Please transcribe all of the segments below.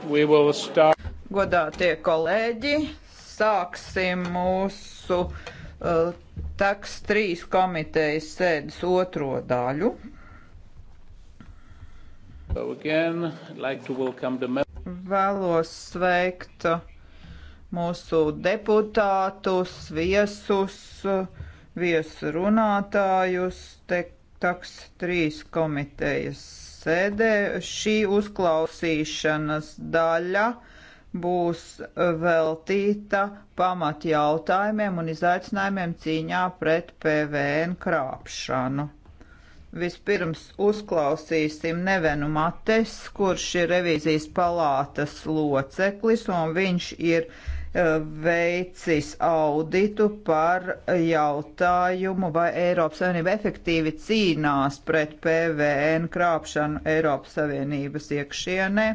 Start... Godātie kolēģi, sāksim mūsu uh, taks trīs komitejas sēdes otro daļu. So again, like the... Vēlos sveikt mūsu deputātus, viesus, viesrunātājus, te taks trīs komitejas sēdē. Šī uzklausīšanas daļa būs veltīta pamat jautājumiem un izaicinājumiem cīņā pret PVN krāpšanu. Vispirms uzklausīsim Nevenu Mates, kurš ir revīzijas palātas loceklis, un viņš ir uh, veicis auditu par jautājumu, vai Eiropas Savienība efektīvi cīnās pret PVN krāpšanu Eiropas Savienības iekšienē.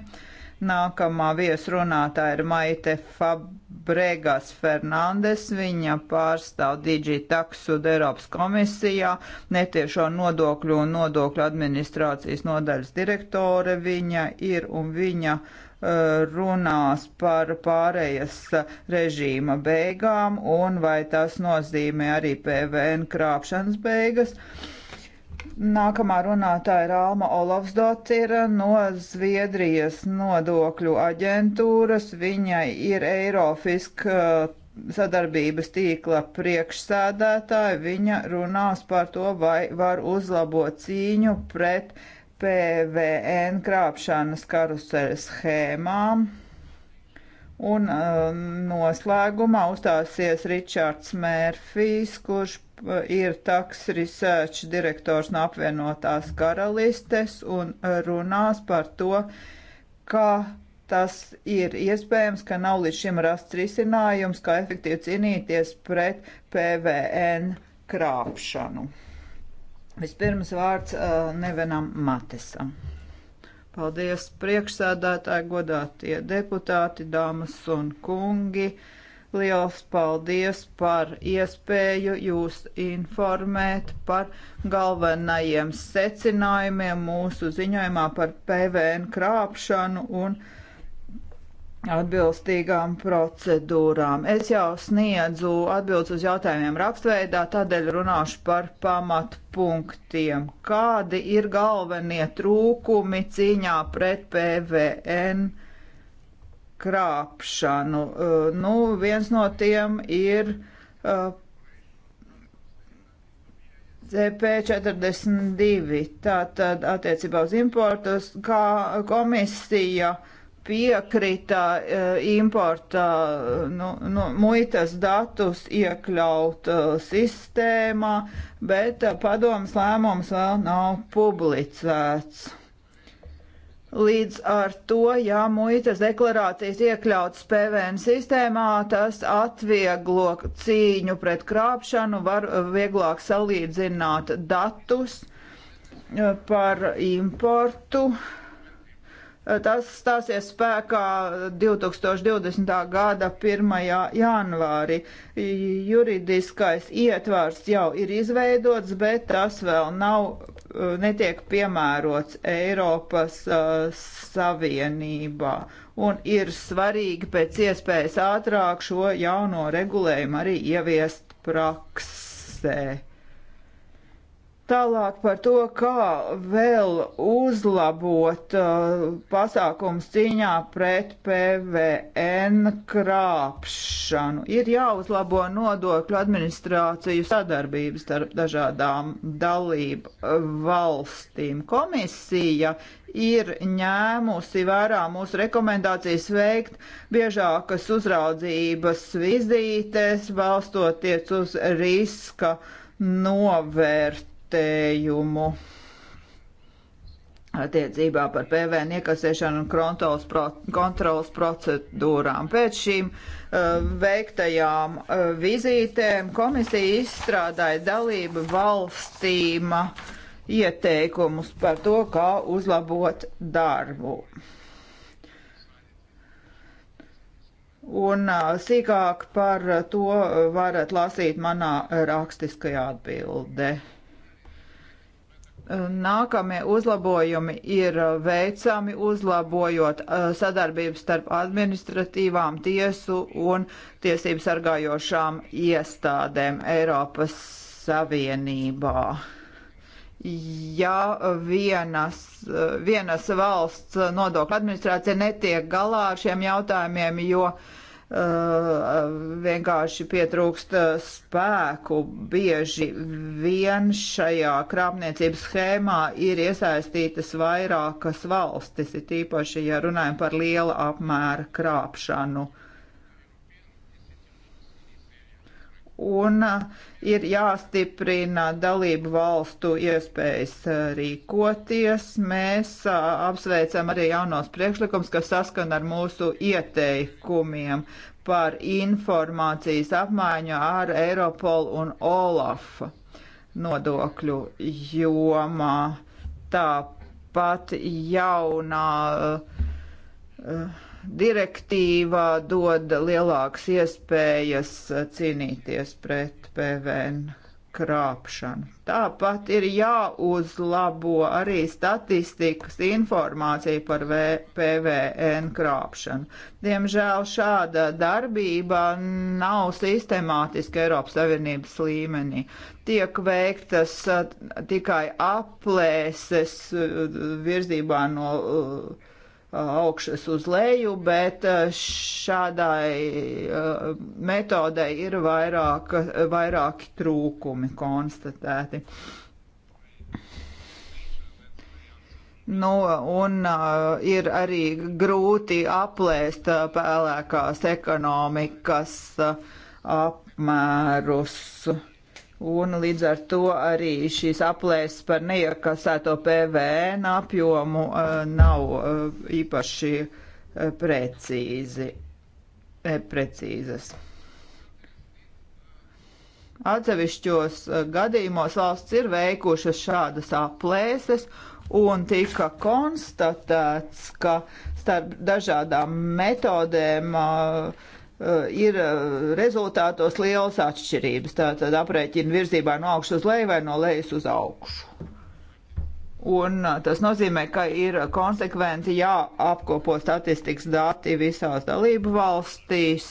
Nākamā viesrunātāja ir Maite Fabregas Fernandes. Viņa pārstāv Digitaxud Eiropas komisijā, netiešo nodokļu un nodokļu administrācijas nodaļas direktore viņa ir un viņa uh, runās par pārējas režīma beigām un vai tas nozīmē arī PVN krāpšanas beigas. Nākamā runātāja ir Alma Olofsdotira no Zviedrijas nodokļu aģentūras. Viņai ir Eirofisk uh, sadarbības tīkla priekšsēdētāja. Viņa runās par to, vai var uzlabot cīņu pret uh, PVN krāpšanas karuseļa schēmām. Un um, noslēgumā uzstāsies Ričards Mērfijs, kurš uh, ir taks research direktors no apvienotās karalistes un runās par to, kā tas ir iespējams, ka nav līdz šim rasts risinājums, kā efektīvi cīnīties pret PVN krāpšanu. Vispirms vārds uh, Nevenam Matesam. Paldies priekšsēdētāji, godātie deputāti, dāmas un kungi. Liels paldies par iespēju jūs informēt par galvenajiem secinājumiem mūsu ziņojumā par PVN krāpšanu un krāpšanu atbilstīgām procedūrām. Es jau sniedzu atbildes uz jautājumiem rakstveidā, tādēļ runāšu par pamatu punktiem. Kādi ir galvenie trūkumi cīņā pret PVN krāpšanu? Eh, nu, viens no tiem ir eh, CP42, tātad attiecībā uz importus, kā komisija uh, piekrita e, importa nu, nu, muitas datus iekļaut e, sistēmā, bet e, padomas lēmums vēl nav publicēts. Līdz ar to, ja muitas deklarācijas iekļautas PVN sistēmā, tas atvieglo cīņu pret krāpšanu, var vieglāk salīdzināt datus par importu Eh, tas stāsies spēkā 2020. gada 1. janvārī. Juridiskais ietvars jau ir izveidots, bet tas vēl nav, eh, netiek piemērots Eiropas uh, Savienībā. Un ir svarīgi pēc iespējas ātrāk šo jauno regulējumu arī ieviest praksē. Tālāk par to, kā vēl uzlabot uh, pasākums cīņā pret PVN krāpšanu. Ir jāuzlabo nodokļu administrāciju sadarbības starp dažādām dalību valstīm. Komisija ir ņēmusi vērā mūsu rekomendācijas veikt biežākas uzraudzības vizītes, balstoties uz riska novērt vērtējumu attiecībā par PVN iekasēšanu un kontrols, pro, kontrols procedūrām. Pēc šīm uh, veiktajām uh, vizītēm komisija izstrādāja dalību valstīm uh, ieteikumus par to, kā uzlabot darbu. Un uh, sīkāk par to varat lasīt manā rakstiskajā atbildē. Nākamie uzlabojumi ir uh, veicami uzlabojot uh, sadarbību starp administratīvām tiesu un tiesību sargājošām iestādēm Eiropas Savienībā. Ja vienas, uh, vienas valsts nodokļu administrācija netiek galā ar šiem jautājumiem, jo uh, Eh, vienkārši pietrūkst eh, spēku. Bieži vien šajā krāpniecības schēmā ir iesaistītas vairākas valstis, it īpaši, ja runājam par liela apmēra krāpšanu. Uh, un uh, ir jāstiprina dalību valstu iespējas uh, rīkoties. Mēs uh, apsveicam arī jaunos priekšlikums, kas saskan ar mūsu ieteikumiem par informācijas apmaiņu ar Eiropolu un Olafu nodokļu jomā. Tāpat jaunā uh, uh, direktīvā dod lielākas iespējas eh, cīnīties pret PVN krāpšanu. Tāpat ir jāuzlabo arī statistikas informācija par v PVN krāpšanu. Diemžēl šāda darbība nav sistemātiska Eiropas Savienības līmenī. Tiek veiktas eh, tikai aplēses eh, virzībā no. Uh, augšas uz leju, bet šādai uh, metodai ir vairāk, vairāki trūkumi konstatēti. Nu, un uh, ir arī grūti aplēst uh, pēlēkās ekonomikas uh, apmērus. Uh, Un līdz ar to arī šīs aplēses par neiekasēto PVN apjomu eh, nav eh, īpaši eh, precīzi, precīzas. Atsevišķos gadījumos valsts ir veikušas šādas aplēses un tika konstatēts, ka starp dažādām metodēm uh, Eh, ir eh, rezultātos liels atšķirības. Tātad aprēķina virzībā no augšas uz leju vai no lejas uz augšu. Un eh, tas nozīmē, ka ir konsekventi jāapkopo statistikas dati visās dalību valstīs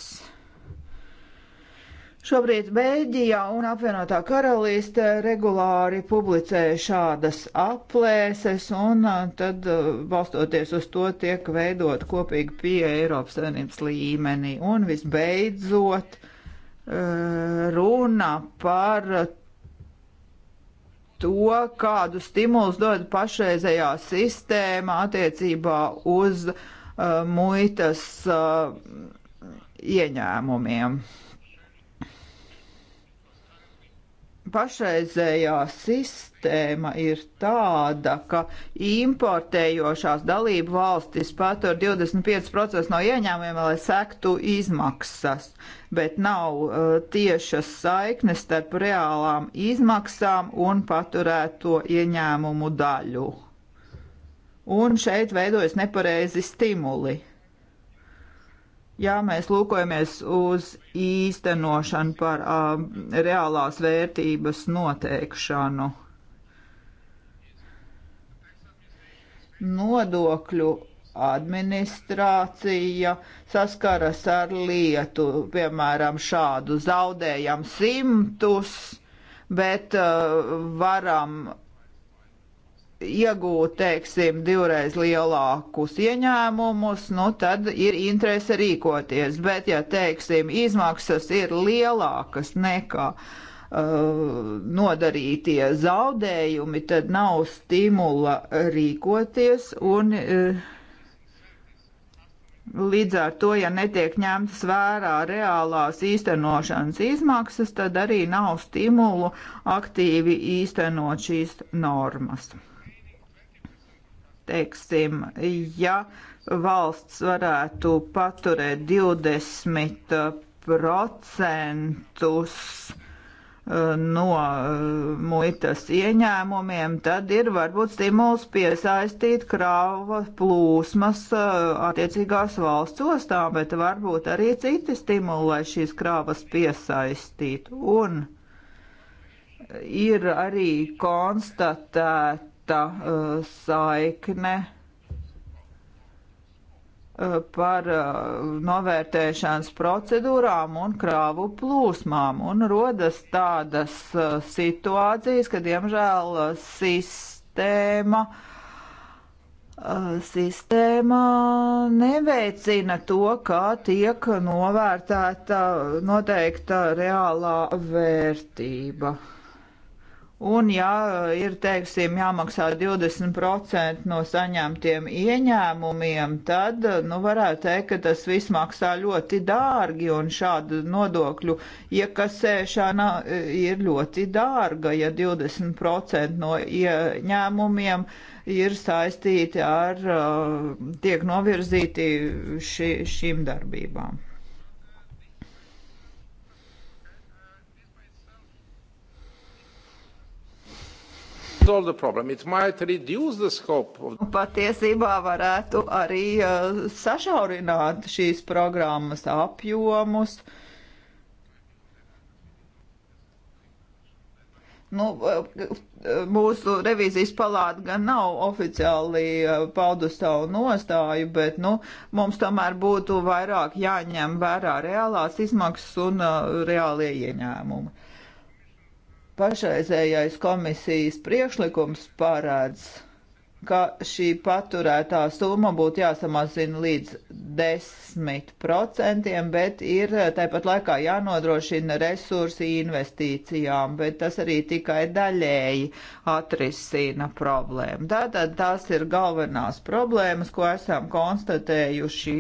Šobrīd Beļģijā un apvienotā karalīste regulāri publicē šādas aplēses, un tad balstoties uz to tiek veidot kopīgi pieeja Eiropas Savienības līmenī. Un visbeidzot runa par to, kādu stimulus dod pašreizējā sistēma attiecībā uz uh, muitas uh, ieņēmumiem. pašreizējā sistēma ir tāda, ka importējošās dalību valstis patur 25% no ieņēmumiem, lai sektu izmaksas, bet nav uh, tiešas saiknes starp reālām izmaksām un paturēto ieņēmumu daļu. Un šeit veidojas nepareizi stimuli. Ja mēs lūkojamies uz īstenošanu par uh, reālās vērtības noteikšanu, nodokļu administrācija saskaras ar lietu, piemēram, šādu zaudējam simtus, bet uh, varam iegūt, teiksim, divreiz lielākus ieņēmumus, nu tad ir interese rīkoties. Bet, ja, teiksim, izmaksas ir lielākas nekā uh, nodarītie zaudējumi, tad nav stimula rīkoties un uh, Līdz ar to, ja netiek ņemtas vērā reālās īstenošanas izmaksas, tad arī nav stimulu aktīvi īstenot šīs normas. Teiksim, ja valsts varētu paturēt 20% eh, no eh, muitas ieņēmumiem, tad ir varbūt stimuls piesaistīt krāva plūsmas eh, attiecīgās valsts ostām, bet varbūt arī citi stimuli, lai šīs krāvas piesaistītu. Un ir arī konstatēt cita uh, eh, saikne uh, par uh, novērtēšanas procedūrām un krāvu plūsmām. Un rodas tādas situācijas, ka, diemžēl, sistēma uh, sistēma neveicina to, kā tiek novērtēta noteikta reālā vērtība. Un, ja eh, ir, teiksim, jāmaksā 20% no saņemtiem ieņēmumiem, tad, eh, nu, varētu teikt, ka tas viss maksā ļoti dārgi, un šāda nodokļu iekasēšana eh, ir ļoti dārga, ja 20% no ieņēmumiem ir saistīti ar, tiek novirzīti ši, šīm darbībām. solve the problem. It might reduce the scope of... Patiesībā varētu arī uh, sašaurināt šīs programmas apjomus. Nu, uh, mūsu revīzijas palāta gan nav oficiāli uh, paudu savu nostāju, bet nu, mums tomēr būtu vairāk jāņem vērā reālās izmaksas un uh, reālie ieņēmumi. Pašreizējais komisijas priekšlikums parāds, ka šī paturētā summa būtu jāsamazina līdz 10%, bet ir eh, tāpat laikā jānodrošina resursi investīcijām, bet tas arī tikai daļēji atrisina problēmu. Tātad tās ir galvenās problēmas, ko esam konstatējuši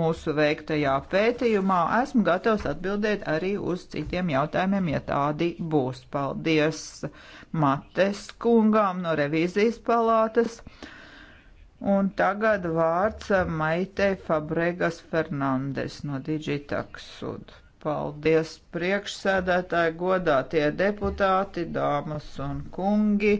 mūsu veiktajā pētījumā. Esmu gatavs atbildēt arī uz citiem jautājumiem, ja tādi būs. Paldies Mates kungām no revīzijas palātas. Un tagad vārds Maitei Fabregas Fernandes no Digitax Sud. Paldies priekšsēdētāji, godātie deputāti, dāmas un kungi.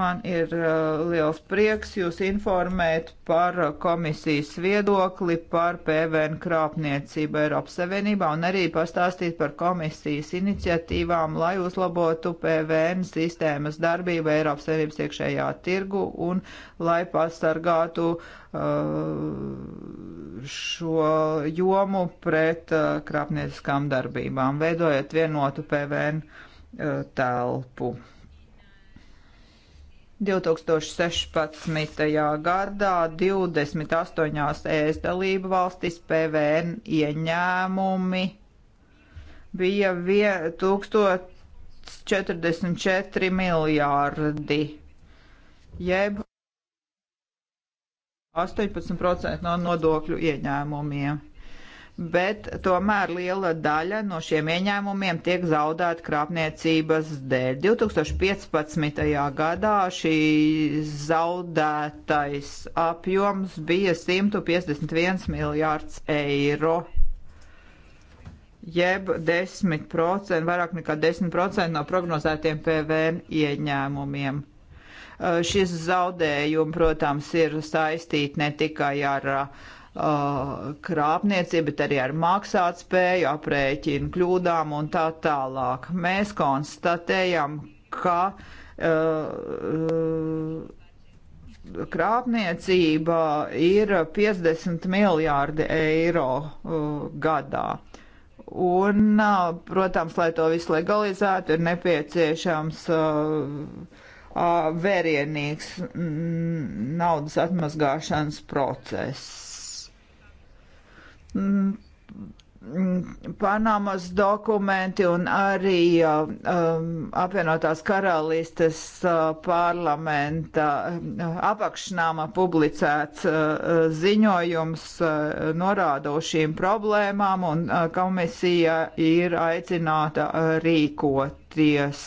Man ir uh, liels prieks jūs informēt par komisijas viedokli par PVN krāpniecību Eiropas Savienībā un arī pastāstīt par komisijas iniciatīvām, lai uzlabotu PVN sistēmas darbību Eiropas Savienības iekšējā tirgu un lai pasargātu uh, šo jomu pret krāpnieciskām darbībām, veidojot vienotu PVN telpu. 2016. gadā 28 ES dalību valstis PVN ieņēmumi bija 1044 miljārdi, jeb 18% no nodokļu ieņēmumiem. Bet tomēr liela daļa no šiem ieņēmumiem tiek zaudēta krāpniecības dēļ. 2015. gadā šī zaudētais apjoms bija 151 miljārds eiro jeb 10%, vairāk nekā 10% no prognozētiem PVN ieņēmumiem. Eh, šis zaudējumi, protams, ir saistīti ne tikai ar eh, krāpniecību, bet arī ar maksātspēju, aprēķinu kļūdām un tā tālāk. Mēs konstatējam, ka uh, krāpniecība ir 50 miljārdi eiro uh, gadā. Un, uh, protams, lai to visu legalizētu, ir nepieciešams uh, vērienīgs naudas atmazgāšanas process. Mm, Panamas dokumenti un arī um, apvienotās karalistes uh, parlamenta uh, apakšnāma publicēts uh, ziņojums uh, norāda uz šīm problēmām un uh, komisija ir aicināta uh, rīkoties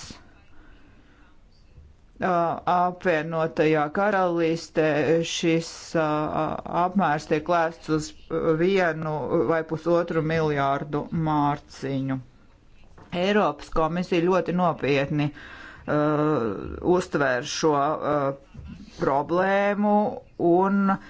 apvienotajā karalistē šis apmērs tiek lēsts uz vienu vai pusotru miljārdu mārciņu. Eiropas komisija ļoti nopietni uh, uztver šo uh, problēmu un uh,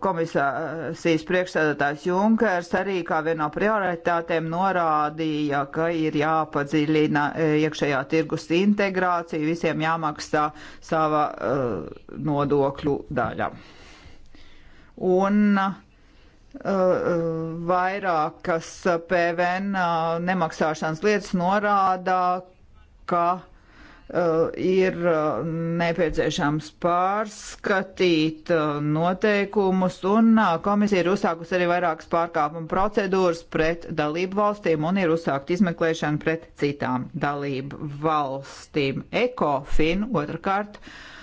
komisijas priekšsēdētājs Junkers arī kā vieno prioritātēm norādīja, ka ir jāpadziļina e, iekšējā tirgus integrācija, visiem jāmaksā sava uh, nodokļu daļa. Un uh, vairākas PVN nemaksāšanas lietas norāda, ka uh, Eh, ir eh, nepieciešams pārskatīt eh, noteikumus, un komisija ir uzsākusi arī vairākas pārkāpuma procedūras pret dalību valstīm un ir uzsākt izmeklēšanu pret citām dalību valstīm. ECOFIN otrkārt. Uh,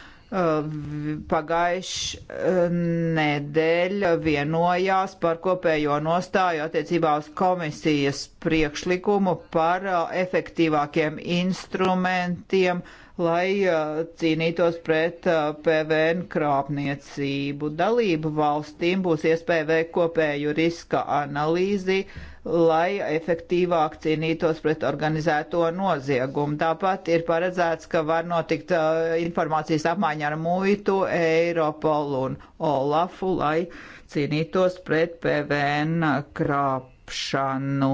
pagājuši eh, nedēļa vienojās par kopējo nostāju attiecībā uz komisijas priekšlikumu par eh, efektīvākiem instrumentiem lai uh, cīnītos pret uh, PVN krāpniecību. Dalību valstīm būs iespēja veikt kopēju riska analīzi, lai efektīvāk cīnītos pret organizēto noziegumu. Tāpat ir paredzēts, ka var notikt uh, informācijas apmaiņa ar muitu, Eiropolu un Olafu, lai cīnītos pret PVN krāpniecību krāpšanu.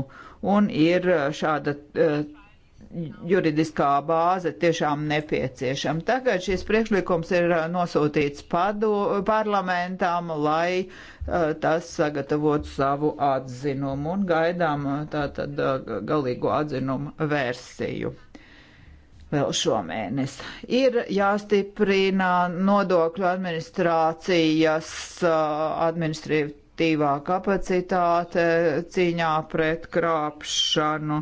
Un ir šāda juridiskā bāze tiešām nepieciešama. Tagad šis priekšlikums ir nosūtīts padu, parlamentam, lai uh, tas sagatavotu savu atzinumu un gaidām tātad galīgo atzinumu versiju vēl šomēnes. Ir jāstiprina nodokļu administrācijas administratīvā kapacitāte cīņā pret krāpšanu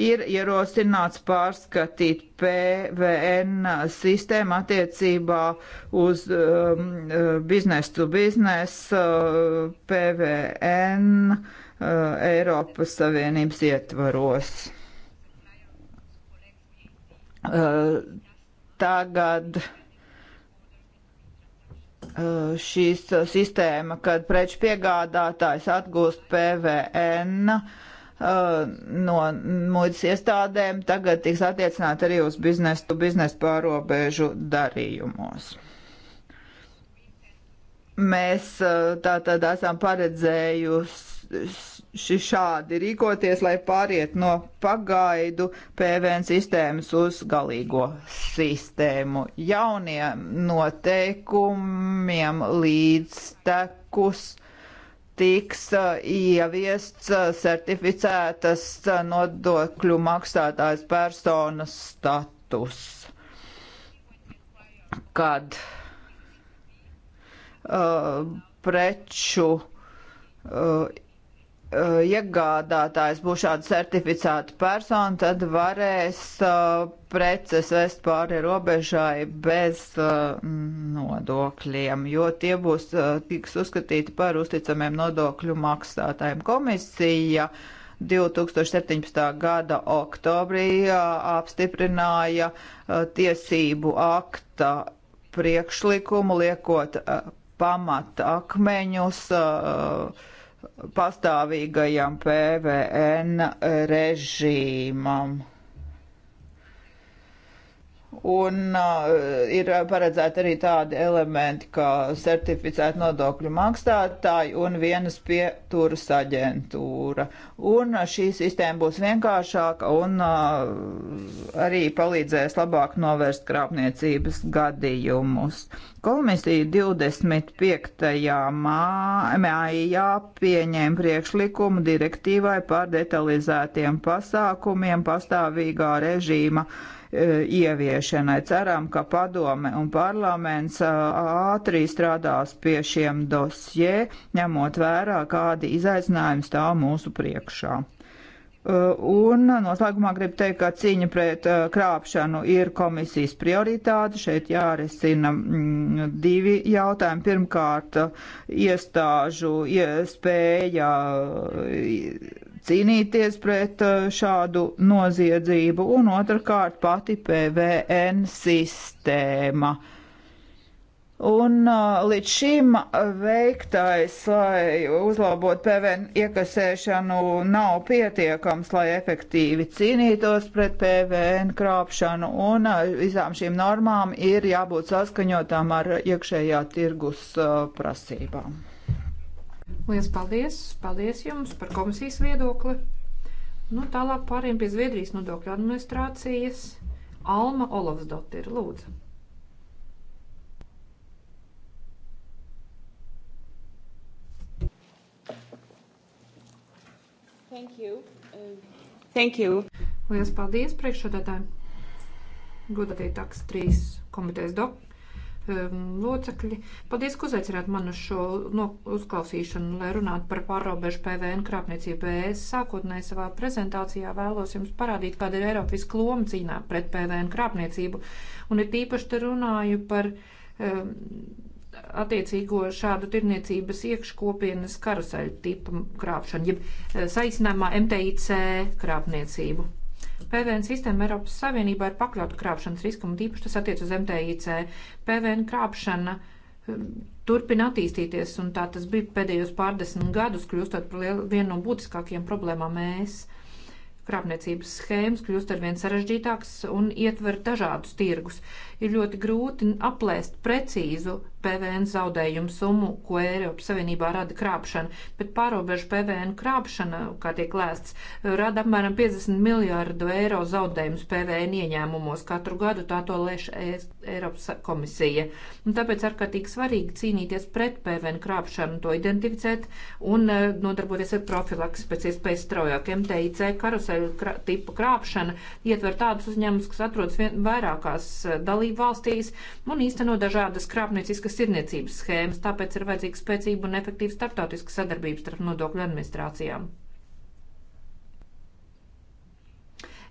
ir ierosināts pārskatīt PVN sistēmu attiecībā uz um, uh, biznesu to biznesu uh, PVN uh, Eiropas Savienības ietvaros. Uh, tagad uh, šīs sistēma, kad preču piegādātājs atgūst PVN uh, Uh, no muitas iestādēm tagad tiks attiecināt arī uz biznesu, biznesu pārobežu darījumos. Mēs uh, tā tad esam paredzējuši šādi rīkoties, lai pāriet no pagaidu PVN sistēmas uz galīgo sistēmu. Jauniem noteikumiem līdztekus uh, tiks ieviests certificētas nodokļu maksātājas personas status. Kad uh, preču uh, uh, iegādātājs būs šāda certificēta persona, tad varēs uh, preces vest pāri robežai bez uh, nodokļiem, jo tie būs tiks uzskatīti par uzticamiem nodokļu maksātājiem. Komisija 2017. gada oktobrī apstiprināja tiesību akta priekšlikumu, liekot pamata akmeņus uh, pastāvīgajam PVN režīmam. Un uh, ir paredzēti arī tādi elementi, kā certificēta nodokļu maksātāji un vienas pieturas aģentūra. Un uh, šī sistēma būs vienkāršāka un uh, arī palīdzēs labāk novērst krāpniecības gadījumus. Komisija 25. maijā pieņēma priekšlikumu direktīvai par detalizētiem pasākumiem pastāvīgā režīma. Uh, E, ieviešanai. Ceram, ka padome un parlaments e, ātri strādās pie šiem dosjē, ņemot vērā, kādi izaicinājumi stāv mūsu priekšā. E, un noslēgumā gribu teikt, ka cīņa pret krāpšanu ir komisijas prioritāte. Šeit jārisina mm, divi jautājumi. Pirmkārt, iestāžu spēja cīnīties pret uh, šādu noziedzību, un otrkārt pati PVN sistēma. Un uh, līdz šim veiktais, lai uzlabotu PVN iekasēšanu, nav pietiekams, lai efektīvi cīnītos pret PVN krāpšanu, un uh, visām šīm normām ir jābūt saskaņotām ar iekšējā tirgus prasībām. Lielas paldies! Paldies jums par komisijas viedokli! Nu, tālāk pāriem pie Zviedrijas nodokļu administrācijas. Alma Olavsdotir, lūdzu. Thank you. Uh, thank you. Lielas paldies priekšsādātājiem. Godātie taks trīs komitejas dok um, locekļi. Paldies, ka uzaicināt man uz šo no, uzklausīšanu, lai runātu par pārobežu PVN krāpniecību. Es sākotnēji savā prezentācijā vēlos jums parādīt, kāda ir Eiropas loma cīnā pret PVN krāpniecību. Un ir tīpaši te runāju par. Um, attiecīgo šādu tirniecības iekškopienas karuseļu tipu krāpšanu, jeb eh, saīsinājumā MTIC krāpniecību. PVN sistēma Eiropas Savienībā ir pakļauta krāpšanas riskam, un tīpaši tas attiec uz MTIC. PVN krāpšana um, turpina attīstīties, un tā tas bija pēdējos pārdesmit gadus, kļūstot par lielu, vienu no būtiskākajiem problēmām mēs. Krāpniecības schēmas kļūst ar vien sarežģītāks un ietver dažādus tirgus. Uh, ir ļoti grūti aplēst precīzu PVN zaudējumu summu, ko Eiropas Savienībā rada krāpšana, bet pārobežu PVN krāpšana, kā tiek lēsts, rada apmēram 50 miljārdu eiro zaudējumus PVN ieņēmumos katru gadu, tā to lēš Eiropas komisija. Un tāpēc ārkārtīgi svarīgi cīnīties pret PVN krāpšanu, to identificēt un eh, nodarboties ar profilaks pēc iespējas straujāk. MTIC karuseļu krā, tipu krāpšana ietver tādus uzņēmumus, kas atrodas vien, vairākās eh, dalībās dalību valstīs un īsteno dažādas krāpnieciskas tirniecības schēmas, tāpēc ir vajadzīga spēcīga un efektīva starptautiska sadarbības starp nodokļu administrācijām.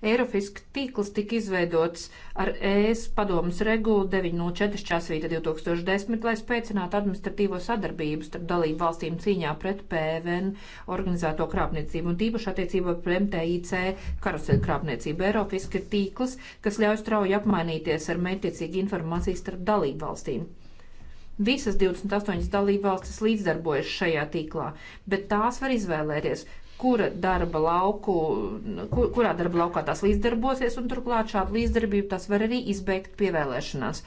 Eirofiska tīkls tika izveidots ar ES padomus regulu 904 časvīta 2010, lai spēcinātu administratīvo sadarbību starp dalību valstīm cīņā pret PVN organizēto krāpniecību un tīpaši attiecībā pret MTIC karuseļu krāpniecību. Eirofiska tīkls, kas ļauj strauji apmainīties ar mērķiecīgu informāciju starp dalību valstīm. Visas 28 dalībvalstis līdzdarbojas šajā tīklā, bet tās var izvēlēties, kura darba lauku, kur, kurā darba laukā tās līdzdarbosies, un turklāt šādu līdzdarbību tās var arī izbeigt pievēlēšanās.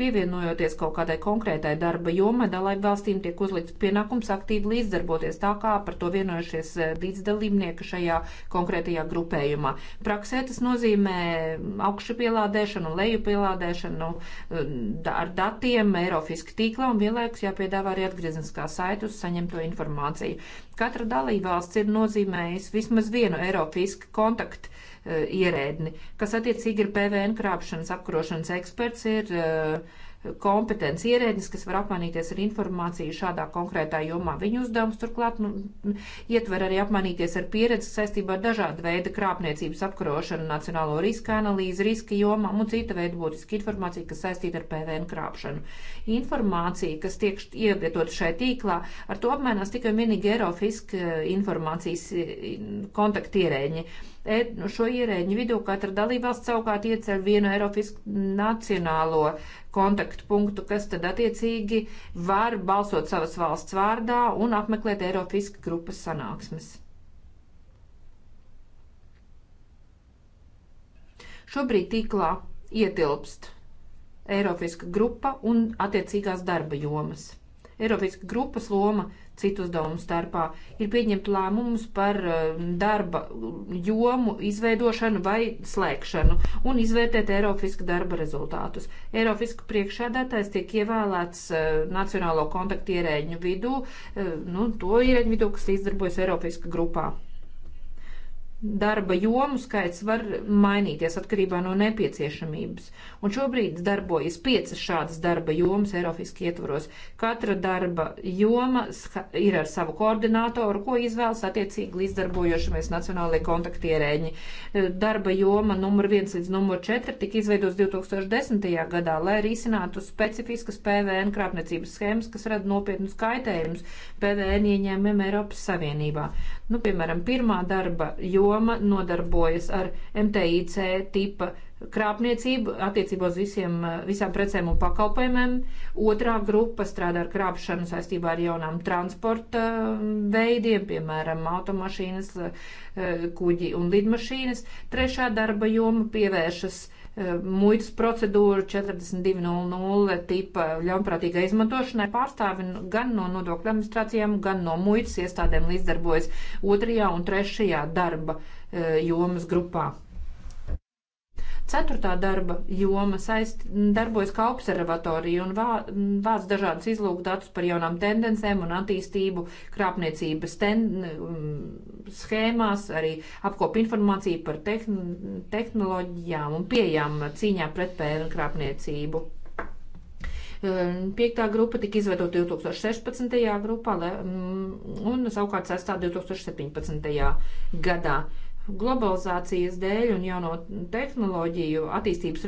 Pievienojoties kaut kādai konkrētai darba jomai, dalību valstīm tiek uzlikts pienākums aktīvi līdzdarboties tā, kā par to vienojušies eh, līdzdalībnieki šajā konkrētajā grupējumā. Praksē tas nozīmē augšupielādēšanu, lejupielādēšanu eh, ar datiem Eirofiska tīklā un vienlaikus jāpiedāvā arī atgriezniskā saite uz saņemto informāciju. Katra dalībvalsts ir nozīmējusi vismaz vienu Eiropisku kontaktu e, ierēdni, kas attiecīgi ir PVN krāpšanas apkarošanas eksperts, ir e, kompetenci ierēdnis, kas var apmainīties ar informāciju šādā konkrētā jomā. Viņu uzdevums turklāt nu, ietver arī apmainīties ar pieredzi saistībā ar dažādu veidu krāpniecības apkarošanu, nacionālo riska analīzi, riska jomām un cita veida būtiski informācija, kas saistīta ar PVN krāpšanu. Informācija, kas tiek ievietot šai tīklā, ar to apmainās tikai un vienīgi Eirofiska eh, informācijas eh, kontaktierēņi. E, nu, šo ierēģu vidū katra dalībvalsts savukārt ieceļ vienu Eiropas nacionālo kontaktu punktu, kas tad attiecīgi var balsot savas valsts vārdā un apmeklēt Eirofiska grupas sanāksmes. Šobrīd tīklā ietilpst Eirofiska grupa un attiecīgās darba jomas. Eirofiska grupas loma ir citu uzdevumu starpā, ir pieņemt lēmumus par eh, darba jomu izveidošanu vai slēgšanu un izvērtēt Eirofiska darba rezultātus. Eirofiska priekšādātājs tiek ievēlēts eh, Nacionālo kontaktierēģu vidū, eh, nu, to ierēģu vidū, kas izdarbojas Eirofiska grupā darba jomu skaits var mainīties atkarībā no nepieciešamības. Un šobrīd darbojas piecas šādas darba jomas Eirofiski ietvaros. Katra darba joma ir ar savu koordinātoru, ko izvēlas attiecīgi līdzdarbojošamies nacionālajie kontaktierēņi. E, darba joma numur 1 līdz numur 4 tika izveidos 2010. gadā, lai risinātu specifiskas PVN krāpniecības schēmas, kas rada nopietnus kaitējumus PVN ieņēmumiem Eiropas Savienībā. Nu, piemēram, pirmā darba joma joma nodarbojas ar MTIC tipa krāpniecību attiecībā uz visiem, visām precēm un pakalpojumiem. Otrā grupa strādā ar krāpšanu saistībā ar jaunām transporta veidiem, piemēram, automašīnas, kuģi un lidmašīnas. Trešā darba joma pievēršas Eh, muitas procedūru 4200 tipa ļaunprātīgai izmantošanai pārstāvi gan no nodokļu administrācijām, gan no muitas iestādēm līdzdarbojas otrajā un trešajā darba eh, jomas grupā. Ceturtā darba joma saist, darbojas kā observatorija un vā, vāc dažādas izlūkdatus par jaunām tendencēm un attīstību krāpniecības ten, um, schēmās, arī apkop informāciju par tehn, tehnoloģijām un pieejām cīņā pret pēru un krāpniecību. Um, piektā grupa tika izveidota 2016. grupā, um, un savukārt sestā 2017. gadā globalizācijas dēļ un jauno tehnoloģiju attīstības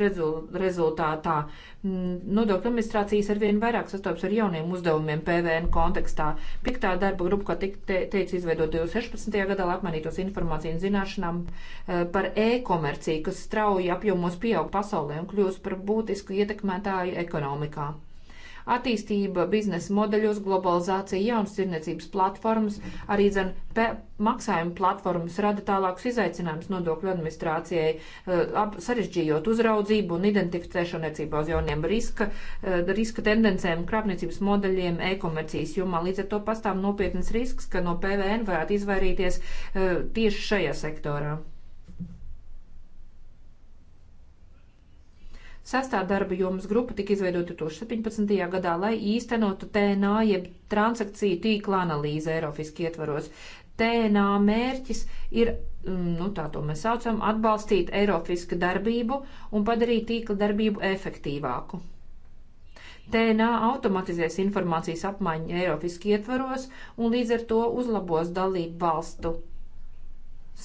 rezultātā mm, nodokļu administrācijas arvien vairāk sastopas ar jauniem uzdevumiem PVN kontekstā. Piektā darba grupa, kā tika te, teica, izveidot 2016. gadā, lai apmainītos informāciju un zināšanām eh, par e-komerciju, kas strauji apjomos pieaug pasaulē un kļūst par būtisku ietekmētāju ekonomikā attīstība biznesa modeļos, globalizācija, jaunas tirniecības platformas, arī zin, maksājuma platformas rada tālākus izaicinājumus nodokļu administrācijai, eh, ap, sarežģījot uzraudzību un identificēšanu attiecībā uz jauniem riska, eh, riska tendencēm, krāpniecības modeļiem, e-komercijas jomā. Līdz ar to pastāv nopietnas risks, ka no PVN varētu izvairīties eh, tieši šajā sektorā. Sestā darba jomas grupa tika izveidota 2017. gadā, lai īstenotu TNA jeb transakciju tīkla analīzi Eirofiski ietvaros. TNA mērķis ir, mm, nu tā to mēs saucam, atbalstīt Eirofiska darbību un padarīt tīkla darbību efektīvāku. TNA automatizēs informācijas apmaiņu Eirofiski ietvaros un līdz ar to uzlabos dalību valstu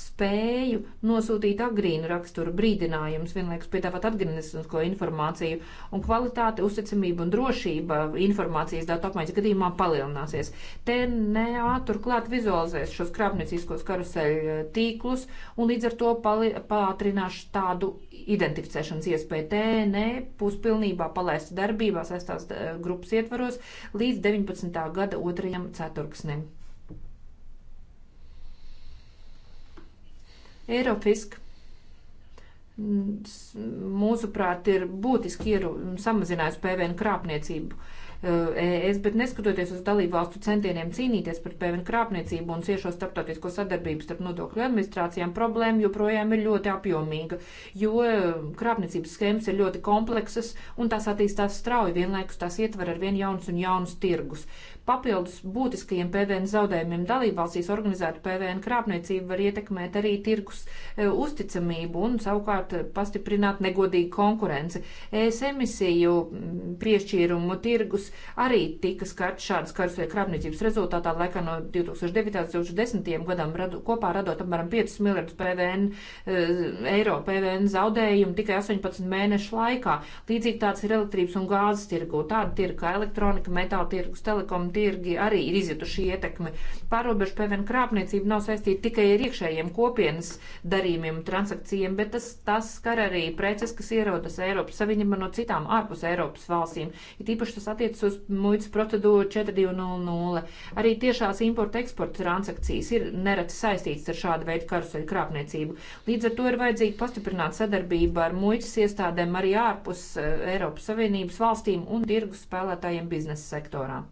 spēju nosūtīt agrīnu raksturu brīdinājumus, vienlaikus piedāvāt atgrieznisko informāciju, un kvalitāte, uzticamība un drošība informācijas datu apmaiņas gadījumā palielināsies. TNA turklāt vizualizēs šos krāpnieciskos karuseļu eh, tīklus un līdz ar to pātrinās tādu identificēšanas iespēju. TNA būs pilnībā palaista darbībā saistās eh, grupas ietvaros līdz 19. gada 2. ceturksnim. Eiropisk mūsuprāt, ir būtiski ieru, samazinājusi PVN krāpniecību. Eh, es, bet neskatoties uz dalību valstu centieniem cīnīties par PVN krāpniecību un ciešo starptautisko sadarbību starp nodokļu administrācijām, problēma joprojām ir ļoti apjomīga, jo eh, krāpniecības schēmas ir ļoti kompleksas un tās attīstās strauji, vienlaikus tās ietver ar vien jaunus un jaunus tirgus. Papildus būtiskajiem PVN zaudējumiem dalībvalstīs organizēta PVN krāpniecība var ietekmēt arī tirgus e, uzticamību un savukārt pastiprināt negodīgu konkurenci. ES emisiju piešķīrumu tirgus arī tika skarts šādas karusē krāpniecības rezultātā laikā no 2009. līdz 2010. gadam radu, kopā radot apmēram 5 miljardus PVN e, eiro PVN zaudējumu tikai 18 mēnešu laikā. Līdzīgi tāds ir elektrības un gāzes tirgu. Tāda tirgu kā elektronika, metāla tirgus, telekom tirgi arī ir izjutuši ietekmi. Pārobežu PVN krāpniecība nav saistīta tikai ar iekšējiem kopienas darījumiem un transakcijiem, bet tas, tas skar arī preces, kas ierodas Eiropas Savienībā no citām ārpus Eiropas valstīm. It īpaši tas attiecas uz muitas procedūru 4200. Arī tiešās importa-eksporta transakcijas ir nereti saistītas ar šādu veidu karuseļu krāpniecību. Līdz ar to ir vajadzīga pastiprināta sadarbība ar muitas iestādēm arī ārpus eh, Eiropas Savienības valstīm un tirgus spēlētājiem biznesa sektorā.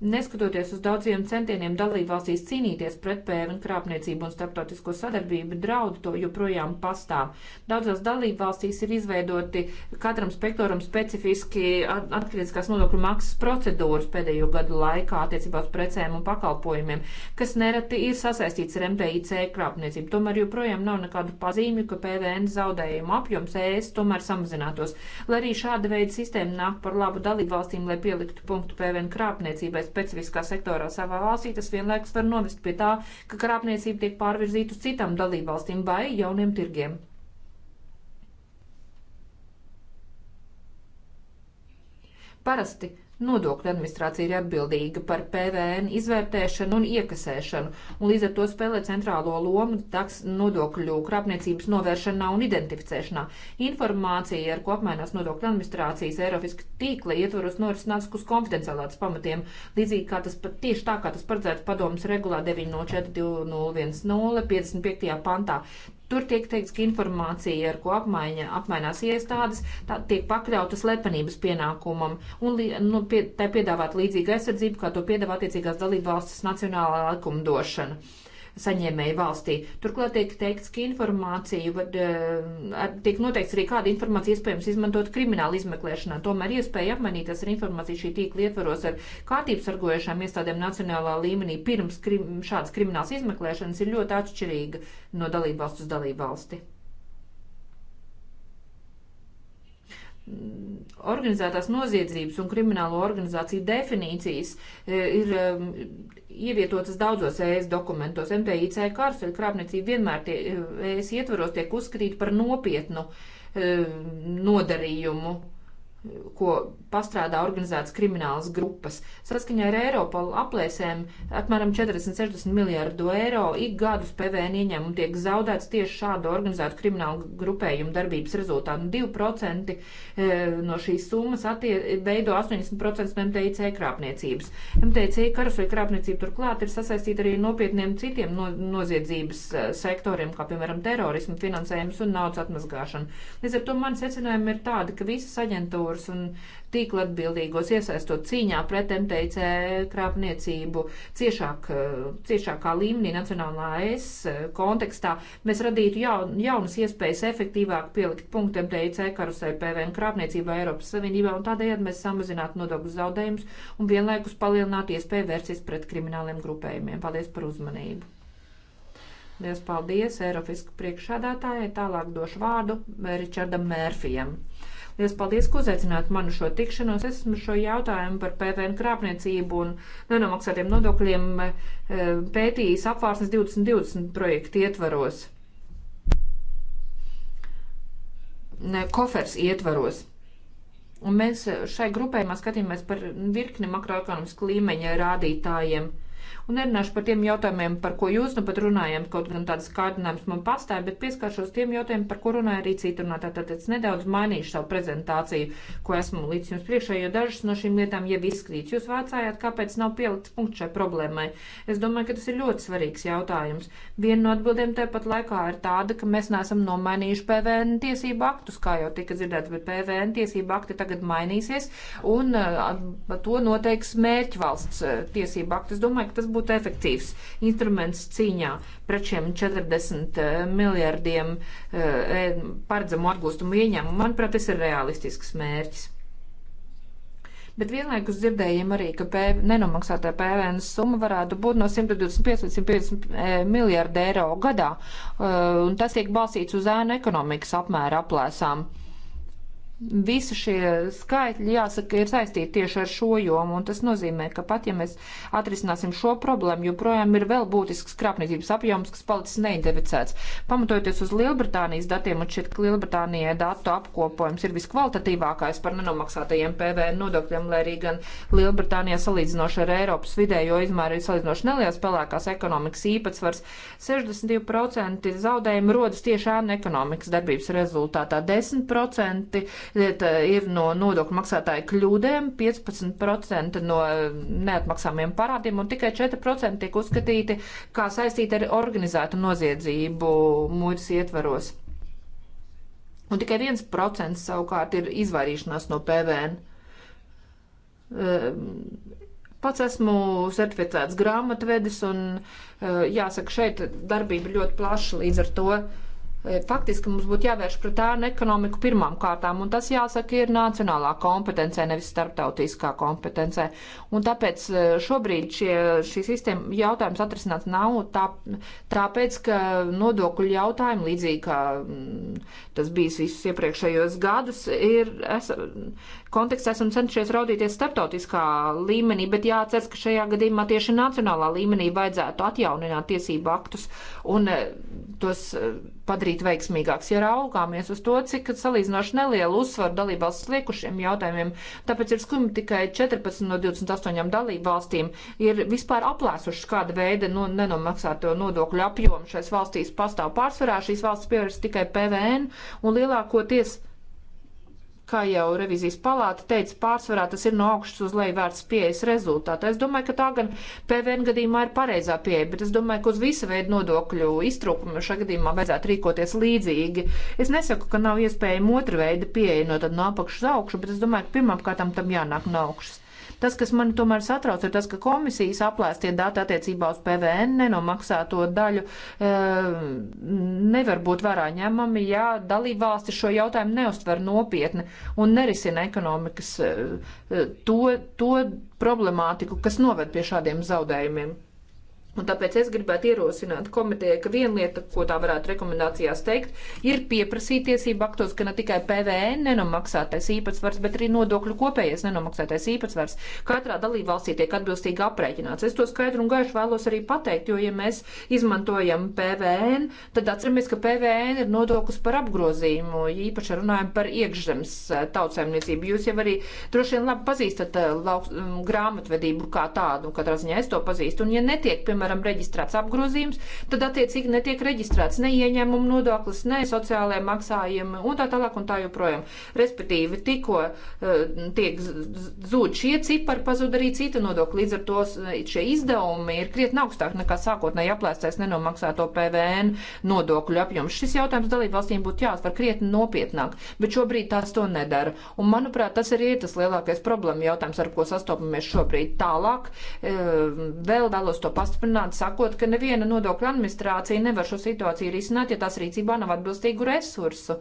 Neskatoties uz daudziem centieniem dalībvalstīs cīnīties pret pēļņu krāpniecību un starptautisko sadarbību, draudu to joprojām pastāv. Daudzās dalībvalstīs ir izveidoti katram spektoram specifiski atkritiskās nodokļu maksas procedūras pēdējo gadu laikā attiecībā uz precēm un pakalpojumiem, kas nereti ir sasaistīts ar MPIC krāpniecību. Tomēr joprojām nav nekādu pazīmju, ka PVN zaudējumu apjoms ES tomēr samazinātos. Lai arī šāda veida sistēma nāk par labu dalībvalstīm, lai pieliktu punktu PVN krāpniecībai specifiskā sektorā savā valstī, tas vienlaikus var novest pie tā, ka krāpniecība tiek pārvirzīta uz citām dalībvalstīm vai jauniem tirgiem. Parasti Nodokļu administrācija ir atbildīga par PVN izvērtēšanu un iekasēšanu, un līdz ar to spēlē centrālo lomu taks nodokļu krāpniecības novēršanā un identificēšanā. Informācija, ar ko apmainās nodokļu administrācijas Eirofiska tīkla, ietvaros norisinās uz konfidenciālātas pamatiem, līdzīgi kā tas pat tieši tā, kā tas paredzēts padomas regulā 9042010 55. pantā. Tur tiek teikts, ka informācija, ar ko apmaiņa, apmainās iestādes, tā tiek pakļauta slepenības pienākumam un nu, pie, tai piedāvāt līdzīgu aizsardzību, kā to piedāvā attiecīgās dalību valstis nacionālā likumdošana saņēmēju valstī. Turklāt tiek teikts, ka informācija, bet, uh, tiek noteikts arī kāda informācija iespējams izmantot krimināla izmeklēšanā. Tomēr iespēja apmainīties ar informāciju šī tīkla ietvaros ar kārtības sargojušām iestādēm nacionālā līmenī pirms krim, šādas kriminālas izmeklēšanas ir ļoti atšķirīga no dalībvalsts uz dalībvalsti. organizētās noziedzības un kriminālo organizāciju definīcijas eh, ir eh, ievietotas daudzos ES dokumentos. MTIC kārsuļu krāpniecība vienmēr tie, ES ietvaros tiek uzskatīta par nopietnu e, nodarījumu ko pastrādā organizētas kriminālas grupas. Saskaņā ar Eiropolu aplēsēm apmēram 40-60 miljārdu eiro ik gadus PVN ieņēmumu tiek zaudēts tieši šādu organizētu kriminālu grupējumu darbības rezultātu. 2% e, no šīs summas attie, veido 80% no MTIC krāpniecības. MTIC karusveļu krāpniecība turklāt ir sasaistīta arī nopietniem citiem no, noziedzības e, sektoriem, kā piemēram terorismu finansējums un naudas atmazgāšana. Līdz ar to man secinājumi ir tādi, ka visas aģentūras aģentūras un tīkla atbildīgos iesaistot cīņā pret MTC krāpniecību ciešāk, eh, ciešākā līmenī nacionālā es eh, kontekstā. Mēs radītu jaun, jaunas iespējas efektīvāk pielikt punktu MTC karusē PVN krāpniecībā Eiropas Savienībā un tādējādi mēs samazinātu nodokļu zaudējumus un vienlaikus palielinātu iespēju vērsties pret krimināliem grupējumiem. Paldies par uzmanību! Lielas paldies Eiropas priekšādātājai. Tālāk došu vārdu Ričardam Mērfijam. Liels paldies, ka uzaicināt manu šo tikšanos. Esmu šo jautājumu par PVN krāpniecību un nenomaksātiem nodokļiem eh, pētījis apvārsnes 2020 projektu ietvaros. Ne, kofers ietvaros. Un mēs eh, šai grupējumā skatījāmies par virkni makroekonomisku līmeņa rādītājiem. Un nerunāšu par tiem jautājumiem, par ko jūs nu pat runājam, kaut gan tāds kārdinājums man pastāja, bet pieskaršos tiem jautājumiem, par ko runāja arī cita runātā. Tātad es nedaudz mainīšu savu prezentāciju, ko esmu līdz jums priekšā, jo dažas no šīm lietām jau izskrīt. Jūs vācājāt, kāpēc nav pielikts punkts šai problēmai. Es domāju, ka tas ir ļoti svarīgs jautājums. Viena no atbildēm tāpat laikā ir tāda, ka mēs neesam nomainījuši PVN tiesību aktus, kā jau tika dzirdēts, bet PVN tiesību akti tagad mainīsies un uh, to noteiks mērķvalsts uh, tiesību akti. Es domāju, domāju, ka tas būtu efektīvs instruments cīņā pret šiem 40 eh, miljardiem eh, paredzamu atgūstumu ieņēmumu. Manuprāt, tas ir realistisks mērķis. Bet vienlaikus dzirdējām arī, ka PV, nenomaksātā PVN summa varētu būt no 125 līdz 150 eh, miljārdu eiro gadā, un tas tiek balstīts uz ēnu ekonomikas apmēra aplēsām. Visi šie skaitļi, jāsaka, ir saistīti tieši ar šo jomu, un tas nozīmē, ka pat ja mēs atrisināsim šo problēmu, joprojām ir vēl būtisks krāpniecības apjoms, kas palicis neidenficēts. Pamatojoties uz Lielbritānijas datiem, un šķiet, ka Lielbritānijai datu apkopojums ir viskvalitatīvākais par nenomaksātajiem PVN nodokļiem, lai arī gan Lielbritānijā salīdzinoši ar Eiropas vidējo izmēru ir salīdzinoši neliels pelēkās ekonomikas īpatsvars. 62% zaudējumu rodas tieši ēnu ekonomikas darbības rezultātā, 10% ir no nodokļu maksātāju kļūdēm, 15% no eh, neatmaksāmiem parādiem un tikai 4% tiek uzskatīti kā saistīti ar organizētu noziedzību muitas ietvaros. Un tikai 1% savukārt ir izvairīšanās no PVN. Eh, pats esmu certificēts grāmatvedis un eh, jāsaka, šeit darbība ļoti plaša līdz ar to Faktiski mums būtu jāvērš pret ēnu ekonomiku pirmām kārtām, un tas, jāsaka, ir nacionālā kompetencē, nevis starptautiskā kompetencē. Un tāpēc e, šobrīd šie, šī sistēma jautājums atrisināts nav, tā, tāpēc, ka nodokļu jautājumi, līdzīgi kā mm, tas bijis visus iepriekšējos gadus, ir es, kontekstā esam cenšies raudīties starptautiskā līmenī, bet jāatceras, ka šajā gadījumā tieši nacionālā līmenī vajadzētu atjaunināt tiesību aktus un eh, tos eh, padarīt veiksmīgāks. Ja raugāmies uz to, cik salīdzinoši nelielu uzsvaru dalībvalsts liekušiem jautājumiem, tāpēc ir skumji tikai 14 no 28 dalībvalstīm ir vispār aplēsušas kāda veida no, nu, nenomaksāto nodokļu apjomu. Šais valstīs pastāv pārsvarā, šīs valsts pievērs tikai PVN un lielākoties kā jau revizijas palāta teica, pārsvarā tas ir no augšas uz leju vērts pieejas rezultātā. Es domāju, ka tā gan PVN gadījumā ir pareizā pieeja, bet es domāju, ka uz visu veidu nodokļu iztrūkumu šajā gadījumā vajadzētu rīkoties līdzīgi. Es nesaku, ka nav iespējama otra veida pieeja no tad no apakšas augšu, bet es domāju, ka pirmkārt tam jānāk no augšas. Tas, kas man tomēr satrauc, ir tas, ka komisijas aplēstie dati attiecībā uz PVN nenomaksāto daļu e, nevar būt vērā ņemami, ja dalībvalstis šo jautājumu neustver nopietni un nerisina ekonomikas e, to, to problemātiku, kas noved pie šādiem zaudējumiem. Un tāpēc es gribētu ierosināt komitejai, ka viena lieta, ko tā varētu rekomendācijās teikt, ir pieprasīt tiesību aktos, ka ne tikai PVN nenomaksātais īpatsvars, bet arī nodokļu kopējais nenomaksātais īpatsvars katrā dalībvalstī tiek atbilstīgi aprēķināts. Es to skaidru un gaišu vēlos arī pateikt, jo, ja mēs izmantojam PVN, tad atceramies, ka PVN ir nodoklis par apgrozījumu, īpaši runājam par iekšzemes eh, tautsēmniecību. Jūs jau arī droši vien labi pazīstat eh, lauks, mm, grāmatvedību kā tādu, katrā ziņā es to pazīstu. Un, ja netiek, piemēram, piemēram, reģistrēts apgrozījums, tad attiecīgi netiek reģistrēts ne ieņēmuma nodoklis, ne sociālajie maksājumi un tā tālāk un tā joprojām. Respektīvi, tikko eh, tiek zūd šie cipari, pazūd arī cita nodokļa. Līdz ar to šie izdevumi ir krietni augstāk nekā sākotnēji aplēstais nenomaksāto PVN nodokļu apjoms. Šis jautājums dalībvalstīm būtu jāuztver krietni nopietnāk, bet šobrīd tās to nedara. Un, manuprāt, tas arī ir tas lielākais problēma jautājums, ar ko sastopamies šobrīd. Tālāk eh, vēl vēlos to pastiprināt apmierināt, sakot, ka neviena nodokļu administrācija nevar šo situāciju risināt, ja tās rīcībā nav atbilstīgu resursu.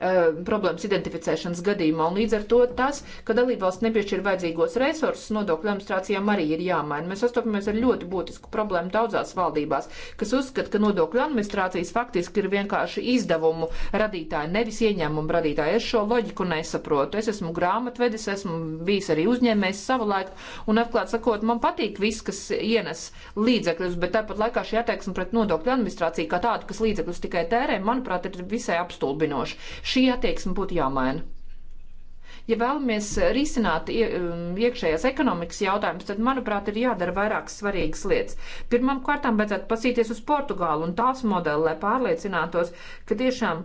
Eh, problēmas identificēšanas gadījumā, un līdz ar to tas, ka dalībvalsts nepiešķir vajadzīgos resursus nodokļu administrācijām arī ir jāmaina. Mēs sastopamies ar ļoti būtisku problēmu daudzās valdībās, kas uzskata, ka nodokļu administrācijas faktiski ir vienkārši izdevumu radītāji, nevis ieņēmumu radītāji. Es šo loģiku nesaprotu. Es esmu grāmatvedis, esmu bijis arī uzņēmējs savulaik, un atklāt sakot, man patīk viss, kas ienes līdzekļus, bet tāpat laikā šī attieksme pret nodokļu administrāciju kā tādu, kas līdzekļus tikai tērē, manuprāt, ir visai apstulbinoša Šī attieksme būtu jāmaina. Ja vēlamies risināt um, iekšējās ekonomikas jautājumus, tad, manuprāt, ir jādara vairākas svarīgas lietas. Pirmām kārtām vajadzētu pasīties uz Portugālu un tās modeli, lai pārliecinātos, ka tiešām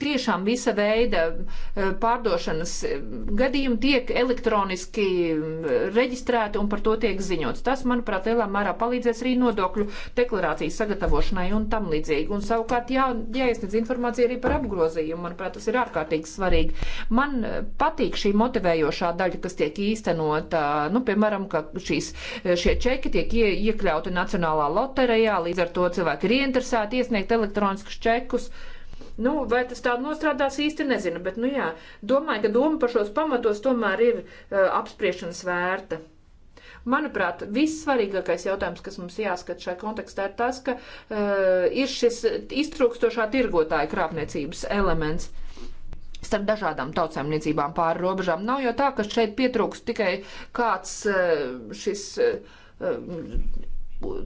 tiešām visa veida eh, pārdošanas eh, gadījumi tiek elektroniski eh, reģistrēti un par to tiek ziņots. Tas, manuprāt, lielā mērā palīdzēs arī nodokļu deklarācijas sagatavošanai un tam līdzīgi. Un savukārt jā, jāiesniedz informācija arī par apgrozījumu. Manuprāt, tas ir ārkārtīgi svarīgi. Man patīk šī motivējošā daļa, kas tiek īstenota, nu, piemēram, ka šīs, šie čeki tiek ie, iekļauti Nacionālā loterijā, līdz ar to cilvēki ir ieinteresēti iesniegt elektroniskus čekus. Uh, Nu, vai tas tādu nostrādās īsti nezinu, bet, nu jā, domāju, ka doma par šos pamatos tomēr ir uh, eh, apspriešanas vērta. Manuprāt, vissvarīgākais jautājums, kas mums jāskat šajā kontekstā, ir tas, ka uh, ir šis iztrūkstošā tirgotāja krāpniecības elements starp dažādām tautsēmniecībām pāri robežām. Nav jau tā, ka šeit pietrūks tikai kāds uh, šis. Uh,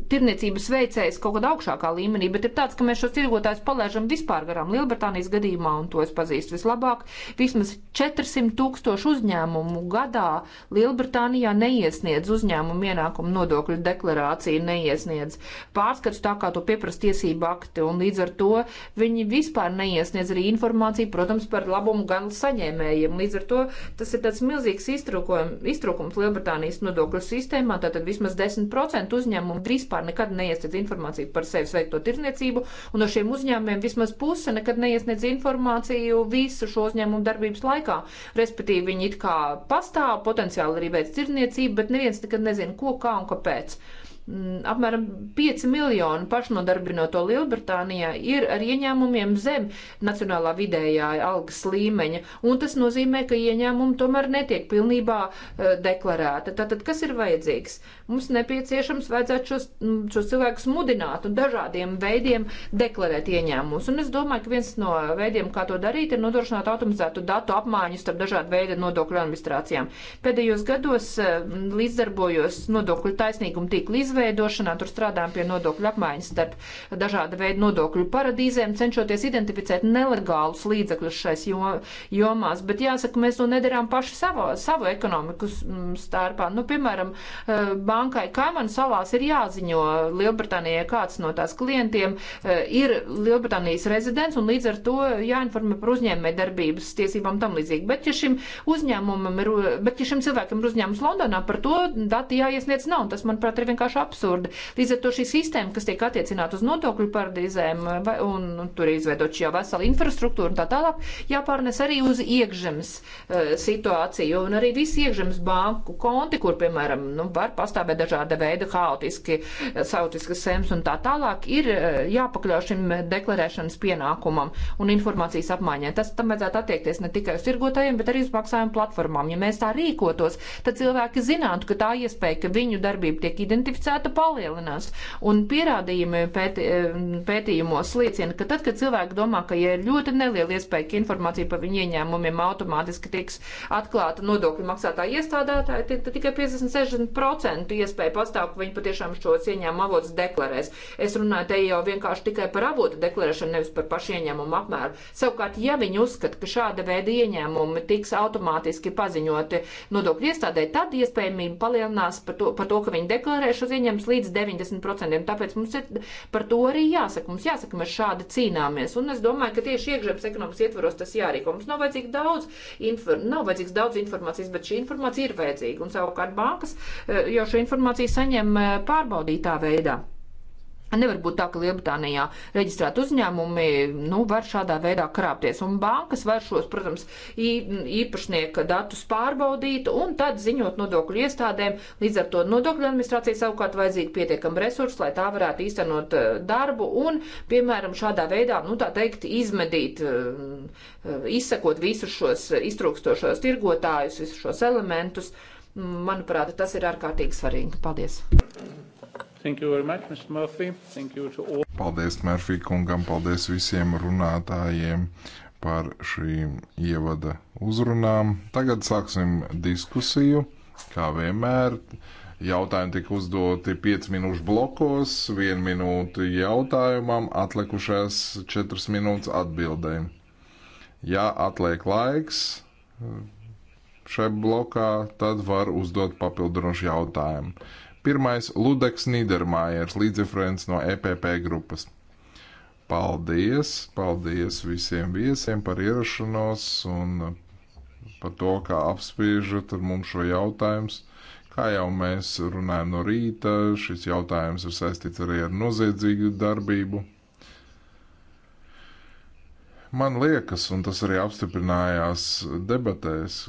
tirniecības veicējs kaut kādā augšākā līmenī, bet ir tāds, ka mēs šos tirgotājus palaižam vispār garām Lielbritānijas gadījumā, un to es pazīstu vislabāk. Vismaz 400 tūkstoši uzņēmumu gadā Lielbritānijā neiesniedz uzņēmumu ienākumu nodokļu deklarāciju, neiesniedz pārskats tā, kā to pieprasa tiesība akti, un līdz ar to viņi vispār neiesniedz arī informāciju, protams, par labumu gan saņēmējiem. Līdz ar to tas ir tāds milzīgs iztrūkums Lielbritānijas nodokļu sistēmā, tātad vismaz 10% uzņēmumu vispār nekad neiesniedz informāciju par sevi veikto tirniecību, un no šiem uzņēmumiem vismaz puse nekad neiesniedz informāciju visu šo uzņēmumu darbības laikā. Respektīvi, viņi it kā pastāv, potenciāli arī veids tirniecību, bet neviens nekad nezina, ko, kā un kāpēc. Ka Mm, apmēram 5 miljoni pašnodarbināto Lielbritānijā ir ar ieņēmumiem zem nacionālā vidējā algas līmeņa, un tas nozīmē, ka ieņēmumi tomēr netiek pilnībā eh, deklarēta. Tātad, kas ir vajadzīgs? Mums nepieciešams vajadzētu šos, mm, šos cilvēkus mudināt un dažādiem veidiem deklarēt ieņēmumus, un es domāju, ka viens no veidiem, kā to darīt, ir nodrošināt automatizētu datu apmaiņu starp dažādu veidu nodokļu administrācijām. Pēdējos gados eh, līdzdarbojos nodokļu taisnīgumu tīklu izvērtējumu, izveidošanā. Tur strādājam pie nodokļu apmaiņas starp dažāda veida nodokļu paradīzēm, cenšoties identificēt nelegālus līdzekļus šais jomās. Bet jāsaka, mēs to nedarām paši savu, savu ekonomikas mm, stārpā. Nu, piemēram, eh, bankai Kaimanu salās ir jāziņo Lielbritānijai, kāds no tās klientiem eh, ir Lielbritānijas rezidents un līdz ar to jāinformē par uzņēmē darbības tiesībām tam līdzīgi. Bet, ja šim uzņēmumam ir, bet, ja šim cilvēkam ir uzņēmums Londonā, par to dati jāiesniedz nav. Tas, manuprāt, ir vienkārši absurdi. Līdz ar to šī sistēma, kas tiek attiecināta uz notokļu paradīzēm, eh, vai, un, un tur izveidot šī vesela infrastruktūra un tā tālāk, jāpārnes arī uz iekšzemes uh, situāciju un arī visi iekšzemes banku konti, kur, piemēram, nu, var pastāvēt dažāda veida haotiski, eh, sautiskas sems un tā tālāk, ir uh, jāpakļauj šim deklarēšanas pienākumam un informācijas apmaiņai. Tas tam vajadzētu attiekties ne tikai uz tirgotājiem, bet arī uz maksājumu platformām. Ja mēs tā rīkotos, tad cilvēki zinātu, ka tā iespēja, ka viņu darbība tiek identificēta, procentu palielinās. Un pierādījumi pēti, e, pētījumos liecina, ka tad, kad cilvēki domā, ka ja ir ļoti neliela iespēja, ka informācija par viņu ieņēmumiem automātiski tiks atklāta nodokļu maksātāja iestādātāja, tad tikai 50-60% iespēja pastāv, ka viņi patiešām šos ieņēmumu avotus deklarēs. Es runāju te jau vienkārši tikai par avotu deklarēšanu, nevis par pašu ieņēmumu apmēru. Savukārt, ja viņi uzskata, ka šāda veida ieņēmumi tiks automātiski paziņoti nodokļu iestādē, tad iespējamība palielinās par to, par to ka viņi deklarē šo ieņēmumu pieņems līdz 90%. Tāpēc mums ir par to arī jāsaka. Mums jāsaka, mēs šādi cīnāmies. Un es domāju, ka tieši iekšzemes ekonomikas ietvaros tas jārīko. Mums nav vajadzīgs daudz, infor, nav vajadzīgs daudz informācijas, bet šī informācija ir vajadzīga. Un savukārt bankas eh, jau šo informāciju saņem eh, pārbaudītā veidā. Nevar būt tā, ka Lielbritānijā reģistrēta uzņēmumi nu, var šādā veidā krāpties. Un bankas var šos, protams, īpašnieka datus pārbaudīt un tad ziņot nodokļu iestādēm. Līdz ar to nodokļu administrācija savukārt vajadzīga pietiekama resursa, lai tā varētu īstenot darbu un, piemēram, šādā veidā, nu, tā teikt, izmedīt, izsekot visus šos iztrūkstošos tirgotājus, visus šos elementus. Manuprāt, tas ir ārkārtīgi svarīgi. Paldies! Thank you very much, Mr. Murphy. Thank you to all. Paldies Murphy kungam, paldies visiem runātājiem par šīm ievada uzrunām. Tagad sāksim diskusiju, kā vienmēr. Jautājumi tika uzdoti 5 minūšu blokos, 1 minūte jautājumam, atlikušās 4 minūtes atbildēm. Ja atliek laiks eh, šai blokā, tad var uzdot papildinošu jautājumu. Pirmais - Ludeks Nīdermājers, līdzreferents no EPP grupas. Paldies, paldies visiem viesiem par ierašanos un par to, kā apspiežat ar mums šo jautājumu. Kā jau mēs runājam no rīta, šis jautājums ir saistīts arī ar noziedzīgu darbību. Man liekas, un tas arī apstiprinājās debatēs,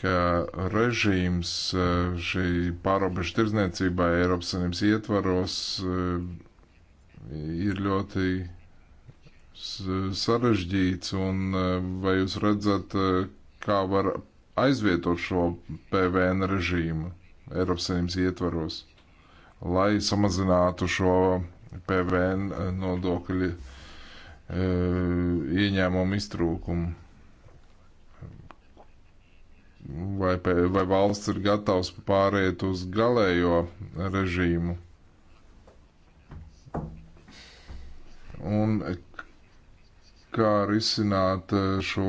ka režīms e, šī pārobežu tirdzniecībā Eiropas Savienības ietvaros e, ir ļoti sarežģīts, un e, vai jūs redzat, kā var aizvietot šo PVN režīmu Eiropas Savienības ietvaros, lai samazinātu šo PVN nodokļu ieņēmumu iztrūkumu? vai, vai valsts ir gatavs pāriet uz galējo režīmu. Un kā risināt eh, šo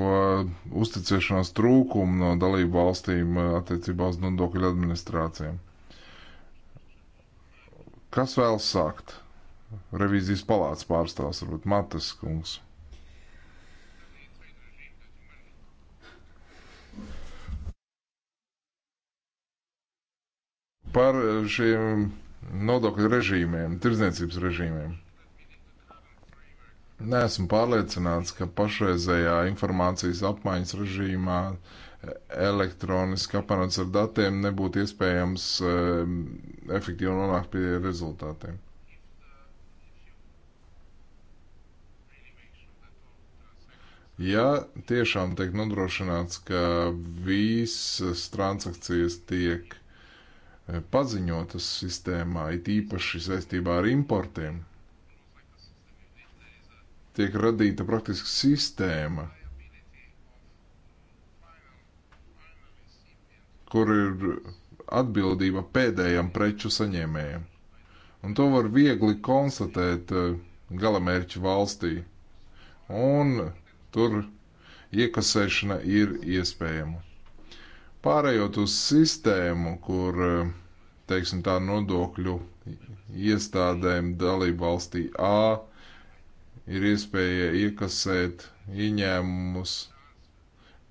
uzticēšanās trūkumu no dalību valstīm eh, attiecībā uz nodokļu administrācijām. Kas vēl sākt? Revīzijas palāca pārstāvs, varbūt Matas kungs. par eh, šiem nodokļu režīmiem, tirdzniecības režīmiem. Nesmu pārliecināts, ka pašreizējā informācijas apmaiņas režīmā eh, elektroniski apmainots ar datiem nebūtu iespējams um, efektīvi nonākt pie rezultātiem. Ja tiešām tiek nodrošināts, ka visas transakcijas tiek Eh, paziņotas sistēmā, it īpaši saistībā ar importiem, tiek radīta praktiski sistēma, kur ir atbildība pēdējam preču saņēmējam. Un to var viegli konstatēt eh, galamērķu valstī. Un tur iekasēšana ir iespējama. Pārējot uz sistēmu, kur, teiksim, tā nodokļu iestādēm dalību valstī A ir iespēja iekasēt ieņēmumus,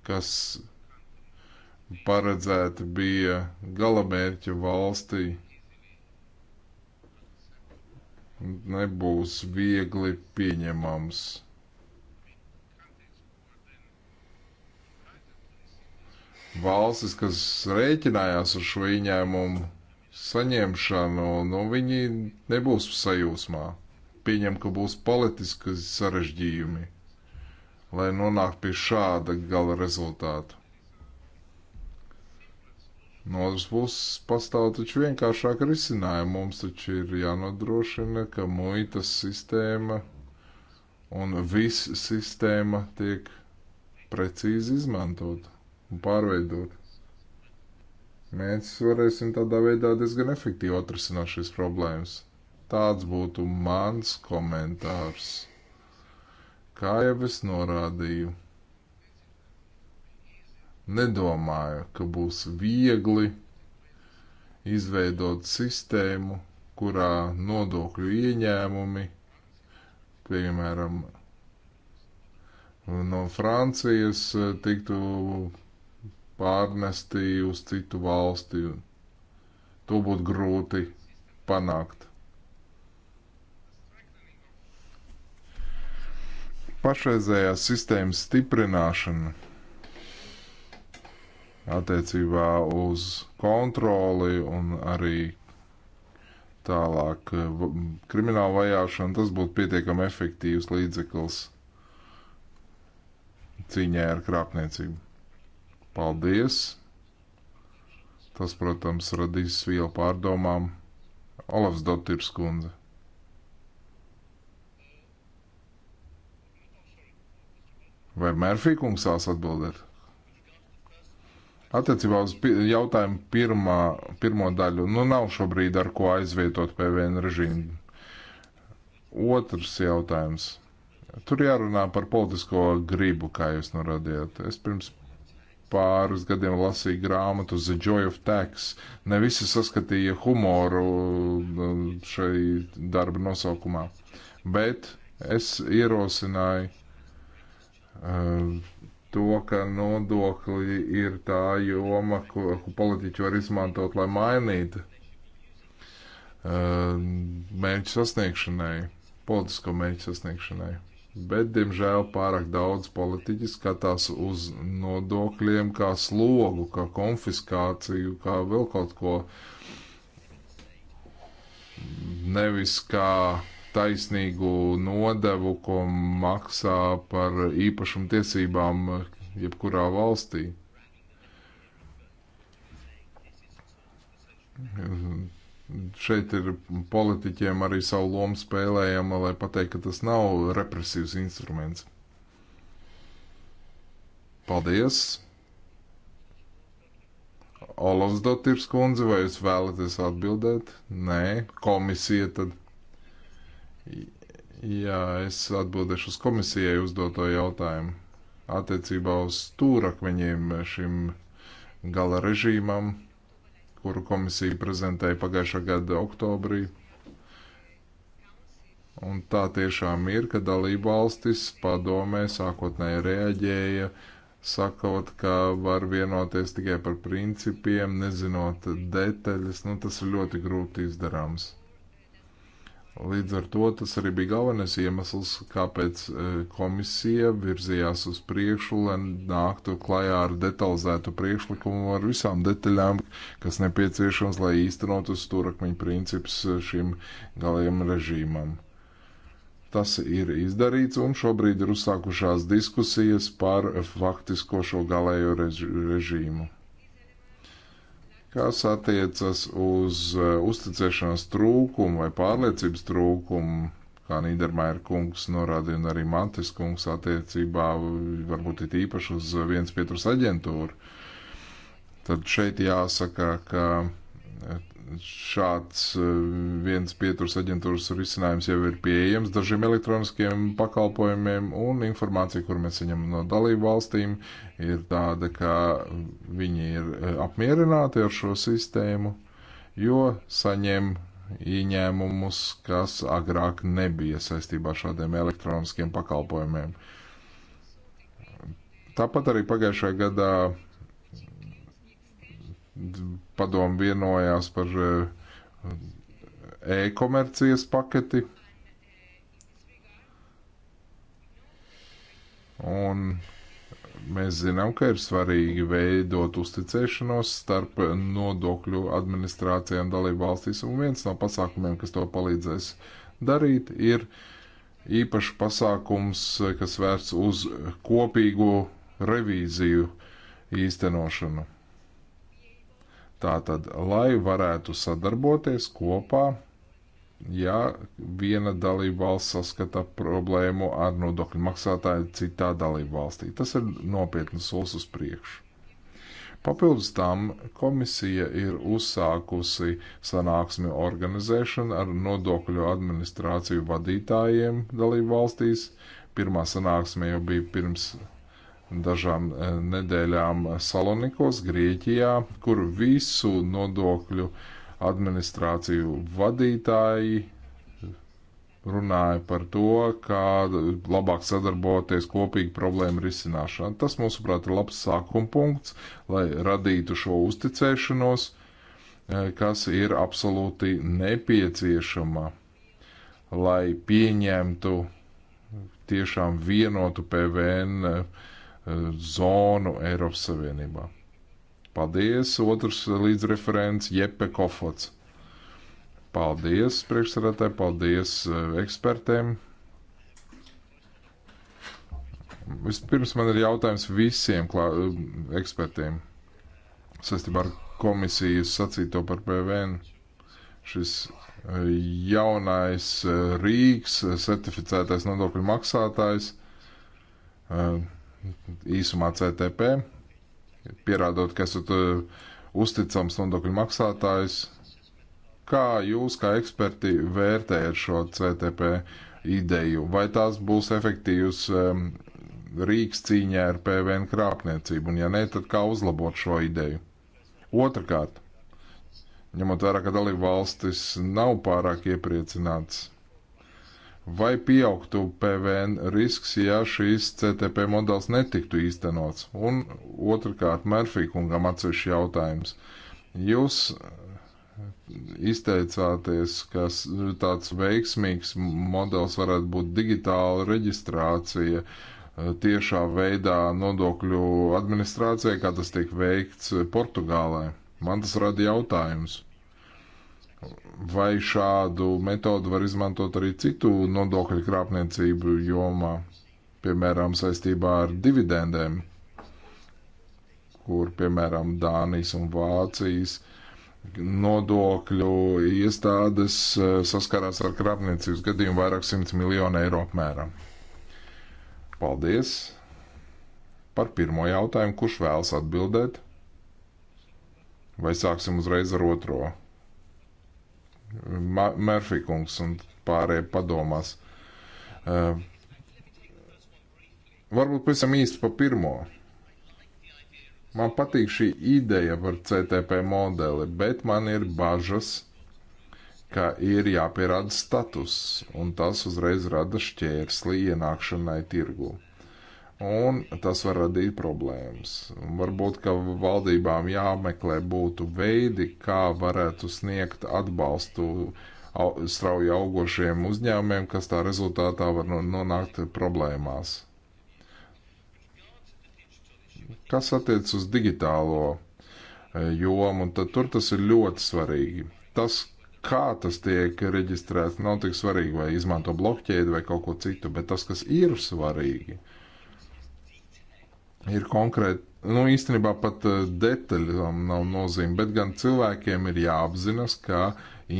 kas paredzēti bija galamērķa valstī nebūs viegli pieņemams. valstis, kas rēķinājās ar šo ieņēmumu saņemšanu, nu, viņi nebūs sajūsmā. Pieņem, ka būs politiski sarežģījumi, lai nonāktu pie šāda gala rezultāta. No otras puses, pastāv taču vienkāršāk risinājumi. Mums taču ir jānodrošina, ka muitas sistēma un viss sistēma tiek precīzi izmantota un pārveidot. Mēs varēsim tādā veidā diezgan efektīvi atrisināt šīs problēmas. Tāds būtu mans komentārs. Kā jau es norādīju, nedomāju, ka būs viegli izveidot sistēmu, kurā nodokļu ieņēmumi, piemēram, no Francijas eh, tiktu pārnesti uz citu valsti. To būtu grūti panākt. Pašreizējā sistēmas stiprināšana attiecībā uz kontroli un arī tālāk eh, krimināla vajāšana, tas būtu pietiekami efektīvs līdzeklis cīņai ar krāpniecību. Paldies! Tas, protams, radīs vielu pārdomām. Olavs Dotirs kundze. Vai Mērfī kungs sās atbildēt? Attiecībā uz jautājumu pirmā, pirmo daļu, nu nav šobrīd ar ko aizvietot PVN režīmu. Otrs jautājums. Tur jārunā par politisko gribu, kā jūs norādījāt. Es pirms pāris gadiem lasīju grāmatu The Joy of Tax. Ne visi saskatīja humoru um, šai darba nosaukumā, bet es ierosināju uh, to, ka nodokļi ir tā joma, ko, ko politiķi var izmantot, lai mainītu uh, mērķu sasniegšanai, politisko mērķu sasniegšanai bet, diemžēl, pārāk daudz politiķi skatās uz nodokļiem kā slogu, kā konfiskāciju, kā vēl kaut ko. Nevis kā taisnīgu nodevu, ko maksā par īpašumu tiesībām jebkurā valstī šeit ir politiķiem arī savu lomu spēlējama, lai pateikt, ka tas nav represīvs instruments. Paldies! Olavs Dotirs kundze, vai jūs vēlaties atbildēt? Nē, komisija tad. Jā, es atbildēšu uz komisijai uzdoto jautājumu. Attiecībā uz stūrakmeņiem šim gala režīmam kuru komisija prezentēja pagājušā gada oktobrī. Un tā tiešām ir, ka dalība valstis padomē sākotnēji reaģēja, sakot, ka var vienoties tikai par principiem, nezinot detaļas. Nu, tas ir ļoti grūti izdarāms. Līdz ar to tas arī bija galvenais iemesls, kāpēc e, komisija virzījās uz priekšu, lai nāktu klajā ar detalizētu priekšlikumu ar visām detaļām, kas nepieciešams, lai īstenotu stūrakmeņu principus e, šim galiem režīmam. Tas ir izdarīts, un šobrīd ir uzsākušās diskusijas par faktisko šo galējo režīmu kas attiecas uz eh, uzticēšanās trūkumu vai pārliecības trūkumu, kā Nīdermaier kungs norādīja un arī Mantis kungs attiecībā, varbūt it īpaši uz viens pieturas aģentūru, tad šeit jāsaka, ka eh, šāds e, viens pieturs aģentūras risinājums jau ir pieejams dažiem elektroniskiem pakalpojumiem, un informācija, kur mēs saņemam no dalību valstīm, ir tāda, ka viņi ir e, apmierināti ar šo sistēmu, jo saņem ieņēmumus, kas agrāk nebija saistībā ar šādiem elektroniskiem pakalpojumiem. Tāpat arī pagājušajā gadā Padomu vienojās par eh, e-komercijas paketi. Un mēs zinām, ka ir svarīgi veidot uzticēšanos starp nodokļu administrācijām dalību valstīs, un viens no pasākumiem, kas to palīdzēs darīt, ir īpašs pasākums, eh, kas vērts uz kopīgo revīziju īstenošanu. Tātad, lai varētu sadarboties kopā, ja viena dalība valsts saskata problēmu ar nodokļu maksātāju citā dalība valstī. Tas ir nopietnas solis uz priekšu. Papildus tam komisija ir uzsākusi sanāksmi organizēšanu ar nodokļu administrāciju vadītājiem dalību valstīs. Pirmā sanāksme jau bija pirms dažām e, nedēļām Salonikos, Grieķijā, kur visu nodokļu administrāciju vadītāji runāja par to, kā labāk sadarboties kopīgi problēmu risināšanā. Tas, mūsuprāt, ir labs sākuma punkts, lai radītu šo uzticēšanos, e, kas ir absolūti nepieciešama, lai pieņemtu tiešām vienotu PVN uh, zonu Eiropas Savienībā. Paldies! Otrs līdzreferents Jepe Kofots. Paldies priekšsarātāji, paldies eh, ekspertiem. Vispirms man ir jautājums visiem klā, eh, ekspertiem saistībā ar komisijas sacīto par PVN. Šis eh, jaunais Rīgas certificētais nodokļu maksātājs. Uh, īsumā CTP, pierādot, ka esat eh, uzticams nodokļu maksātājs. Kā jūs, kā eksperti, vērtējat šo CTP ideju? Vai tās būs efektīvs um, ehm, rīks cīņā ar PVN krāpniecību, un ja nē, tad kā uzlabot šo ideju? Otrakārt, ņemot vērā, ka dalību valstis nav pārāk iepriecināts vai pieaugtu PVN risks, ja šīs CTP modelis netiktu īstenots? Un otrkārt, Mērfī kungam atsevišķi jautājums. Jūs izteicāties, ka tāds veiksmīgs modelis varētu būt digitāla reģistrācija eh, tiešā veidā nodokļu administrācijai, kā tas tiek veikts Portugālē. Man tas rada jautājums Vai šādu metodu var izmantot arī citu nodokļu krāpniecību jomā, piemēram, saistībā ar dividendēm, kur, piemēram, Dānijas un Vācijas nodokļu iestādes eh, saskarās ar krāpniecības gadījumu vairāk simts miljonu eiro apmērā. Paldies! Par pirmo jautājumu, kurš vēlas atbildēt? Vai sāksim uzreiz ar otro? Mērfī kungs un pārējie padomās. Uh, varbūt pavisam īsti pa pirmo. Man patīk šī ideja par CTP modeli, bet man ir bažas, ka ir jāpierāda status, un tas uzreiz rada šķērsli ienākšanai tirgū un tas var radīt problēmas. Varbūt, ka valdībām jāmeklē būtu veidi, kā varētu sniegt atbalstu strauji augošiem uzņēmumiem, kas tā rezultātā var nonākt problēmās. Kas attiec uz digitālo e, jomu, tad tur tas ir ļoti svarīgi. Tas, kā tas tiek reģistrēts, nav tik svarīgi, vai izmanto blokķēdi vai kaut ko citu, bet tas, kas ir svarīgi, ir ir konkrēti, nu īstenībā pat eh, detaļām nav nozīme, bet gan cilvēkiem ir jāapzinas, ka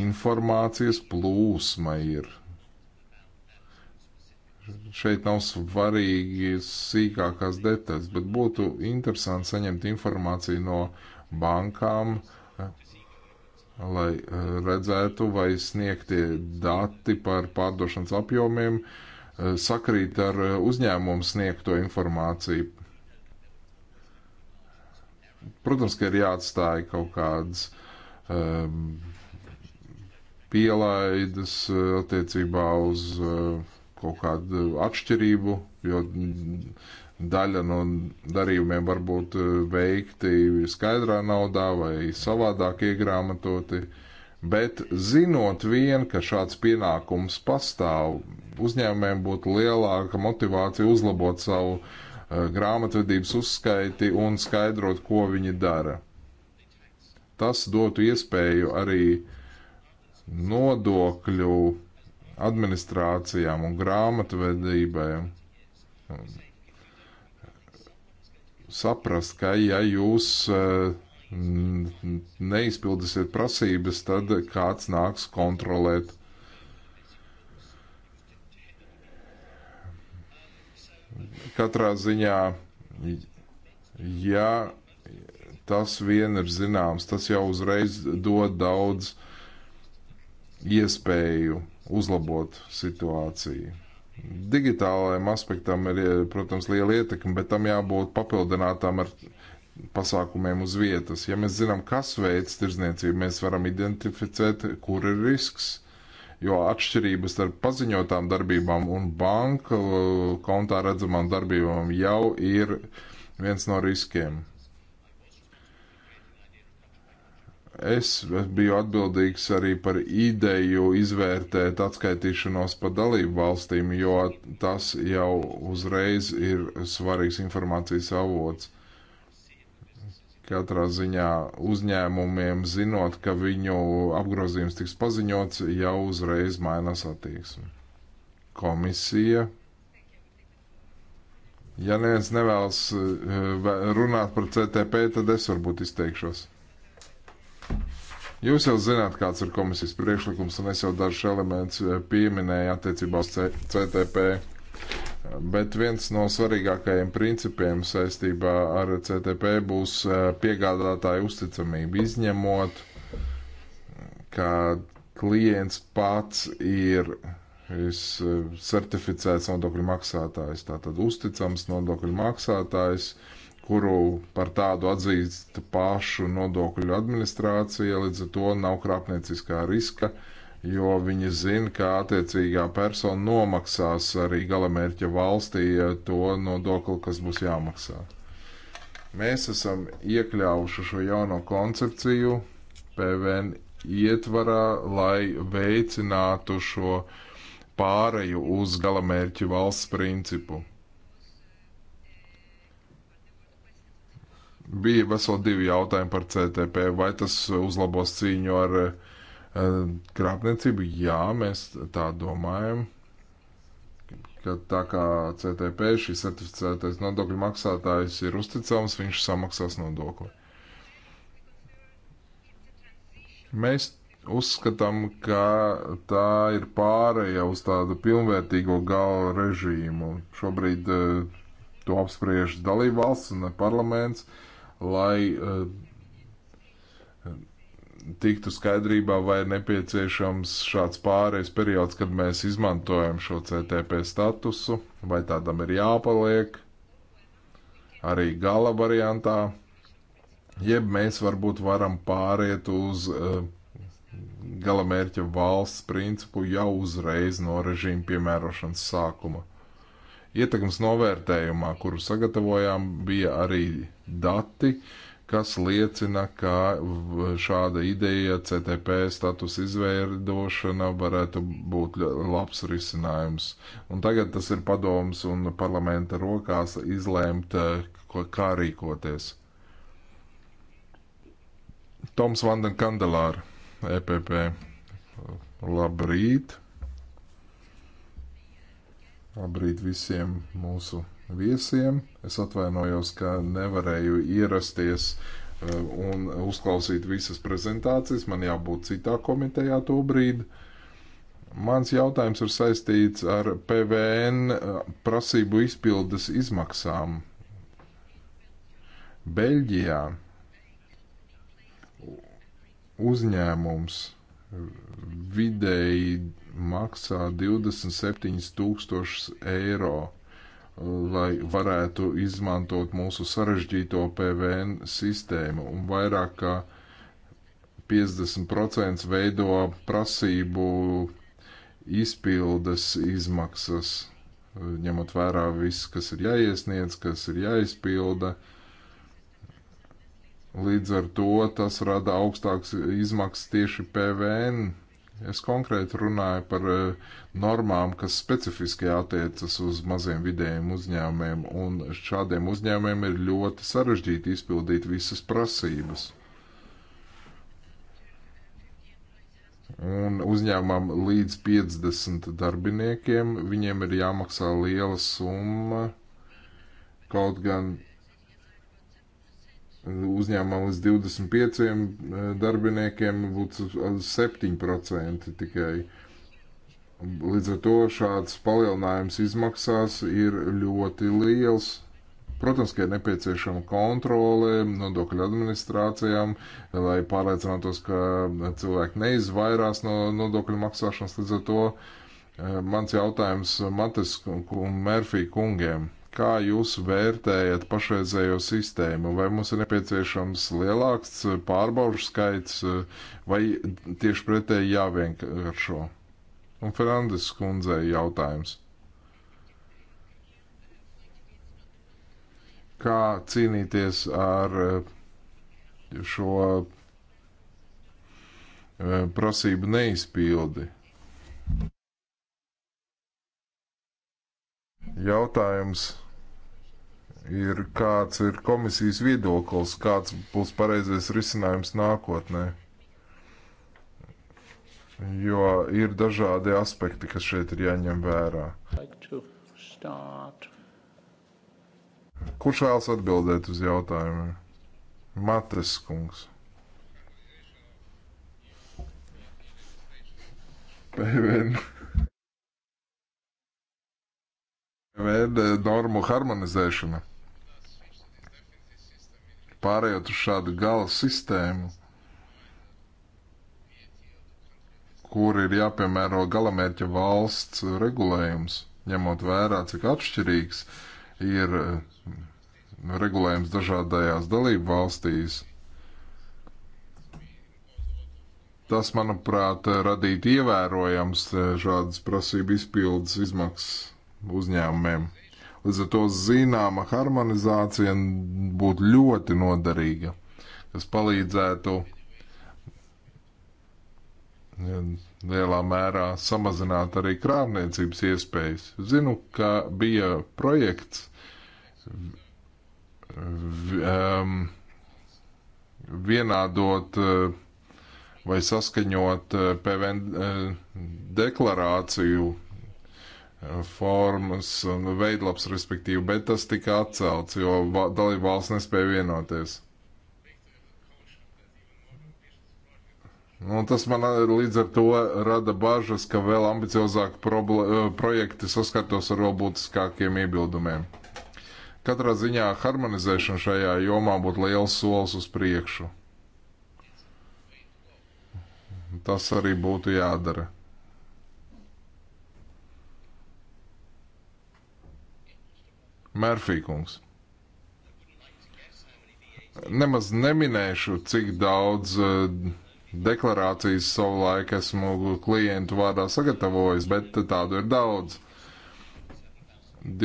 informācijas plūsma ir. Šeit nav svarīgi sīkākās detaļas, bet būtu interesanti saņemt informāciju no bankām, eh, lai eh, redzētu, vai sniegtie dati par pārdošanas apjomiem sakrīt ar uzņēmumu sniegto informāciju Protams, ka ir jāatstāja kaut kādas um, pielaidas uh, attiecībā uz uh, kaut kādu atšķirību, jo daļa no darījumiem var būt uh, veikti skaidrā naudā vai savādāk iegrāmatoti. Bet zinot vien, ka šāds pienākums pastāv, uzņēmumiem būtu lielāka motivācija uzlabot savu uh, Eh, grāmatvedības uzskaiti un skaidrot, ko viņi dara. Tas dotu iespēju arī nodokļu administrācijām un grāmatvedībai saprast, ka ja jūs eh, neizpildīsiet prasības, tad kāds nāks kontrolēt Katrā ziņā, ja tas vien ir zināms, tas jau uzreiz dod daudz iespēju uzlabot situāciju. Digitālajam aspektam ir, protams, liela ietekme, bet tam jābūt papildinātām ar pasākumiem uz vietas. Ja mēs zinām, kas veids tirzniecību, mēs varam identificēt, kur ir risks jo atšķirības starp paziņotām darbībām un banka uh, kontā redzamām darbībām jau ir viens no riskiem. Es biju atbildīgs arī par ideju izvērtēt atskaitīšanos pa dalību valstīm, jo tas jau uzreiz ir svarīgs informācijas avots. Katrā ziņā uzņēmumiem, zinot, ka viņu apgrozījums tiks paziņots, jau uzreiz mainās attieksme. Komisija. Ja neviens nevēlas eh, runāt par CTP, tad es varbūt izteikšos. Jūs jau zināt, kāds ir komisijas priekšlikums, un es jau dažus elementus eh, pieminēju attiecībā uz CTP. Bet viens no svarīgākajiem principiem saistībā ar CTP būs eh, piegādātāja uzticamība, izņemot, ka klients pats ir eh, certificēts nodokļu maksātājs, tātad uzticams nodokļu maksātājs, kuru par tādu atzīst pašu nodokļu administrācija, līdz ar to nav krāpnieciskā riska. Uh, jo viņi zina, ka attiecīgā persona nomaksās arī galamērķa valstī to nodokli, kas būs jāmaksā. Mēs esam iekļāvuši šo jauno koncepciju PVN ietvarā, lai veicinātu šo pāreju uz galamērķa valsts principu. Bija veseli divi jautājumi par CTP, vai tas uzlabos cīņu ar uh, Ehm, Krāpniecību, jā, mēs tā domājam, ka tā kā CTP šis certificētais nodokļu maksātājs ir uzticams, viņš samaksās nodokli. Mēs uzskatām, ka tā ir pāreja uz tādu pilnvērtīgo gala režīmu. Šobrīd uh, to apspriež dalībvalsts un parlaments, lai uh, tiktu skaidrībā, vai ir nepieciešams šāds pārejas periods, kad mēs izmantojam šo CTP statusu, vai tādam ir jāpaliek arī gala variantā, jeb mēs varbūt varam pāriet uz uh, gala mērķa valsts principu jau uzreiz no režīma piemērošanas sākuma. Ietekmes novērtējumā, kuru sagatavojām, bija arī dati, uh, kas liecina, ka šāda ideja CTP status izveidošana varētu būt labs risinājums. Un tagad tas ir padoms un parlamenta rokās izlēmt, eh, kā rīkoties. Toms Vanden Kandelāra, EPP. Labrīt! Labrīt visiem mūsu viesiem. Es atvainojos, ka nevarēju ierasties eh, un uzklausīt visas prezentācijas. Man jābūt citā komitejā to brīdi. Mans jautājums ir saistīts ar PVN eh, prasību izpildes izmaksām. Beļģijā uzņēmums vidēji maksā 27 tūkstošus eiro lai varētu izmantot mūsu sarežģīto PVN sistēmu un vairāk kā 50% veido prasību izpildes izmaksas, ņemot vērā viss, kas ir jāiesniedz, kas ir jāizpilda. Līdz ar to tas rada augstāks izmaksas tieši PVN Es konkrēti runāju par e, normām, kas specifiski attiecas uz maziem vidējiem uzņēmumiem, un šādiem uzņēmumiem ir ļoti sarežģīti izpildīt visas prasības. Un uzņēmumam līdz 50 darbiniekiem viņiem ir jāmaksā liela summa, kaut gan uzņēmumam uz 25 eh, darbiniekiem būtu 7% tikai. Līdz ar to šāds palielinājums izmaksās ir ļoti liels. Protams, ka ir nepieciešama kontrole nodokļu administrācijām, lai pārliecinātos, ka cilvēki neizvairās no nodokļu maksāšanas. Līdz ar to eh, mans jautājums Matis un Mērfī kungiem Kā jūs vērtējat pašreizējo sistēmu? Vai mums ir nepieciešams lielāks pārbaužu skaits, vai tieši pretēji jāvienkāršo? Un Fernandes kundzei jautājums. Kā cīnīties ar šo eh, prasību neizpildi? jautājums ir, kāds ir komisijas viedoklis, kāds būs pareizais risinājums nākotnē. Jo ir dažādi aspekti, kas šeit ir jāņem vērā. Kurš vēlas atbildēt uz jautājumiem? Mates kungs. PVN. PVN normu harmonizēšana pārējot uz šādu gala sistēmu, kur ir jāpiemēro galamērķa valsts regulējums, ņemot vērā, cik atšķirīgs ir eh, regulējums dažādajās dalību valstīs. Tas, manuprāt, radītu ievērojams eh, šādas prasību izpildes izmaksas uzņēmumiem. Līdz ar to zināma harmonizācija būtu ļoti noderīga, kas palīdzētu lielā mērā samazināt arī krāpniecības iespējas. Zinu, ka bija projekts um, vienādot uh, vai saskaņot uh, PVN uh, deklarāciju formas un veidlaps, respektīvi, bet tas tika atcelts, jo dalība valsts nespēja vienoties. Nu, tas man līdz ar to rada bažas, ka vēl ambiciozāk eh, projekti saskartos ar vēl būtiskākiem iebildumiem. Katrā ziņā harmonizēšana šajā jomā būtu liels solis uz priekšu. Tas arī būtu jādara. Mērfī kungs. Nemaz neminēšu, cik daudz eh, deklarācijas savulaik esmu klientu vārdā sagatavojis, bet tādu ir daudz.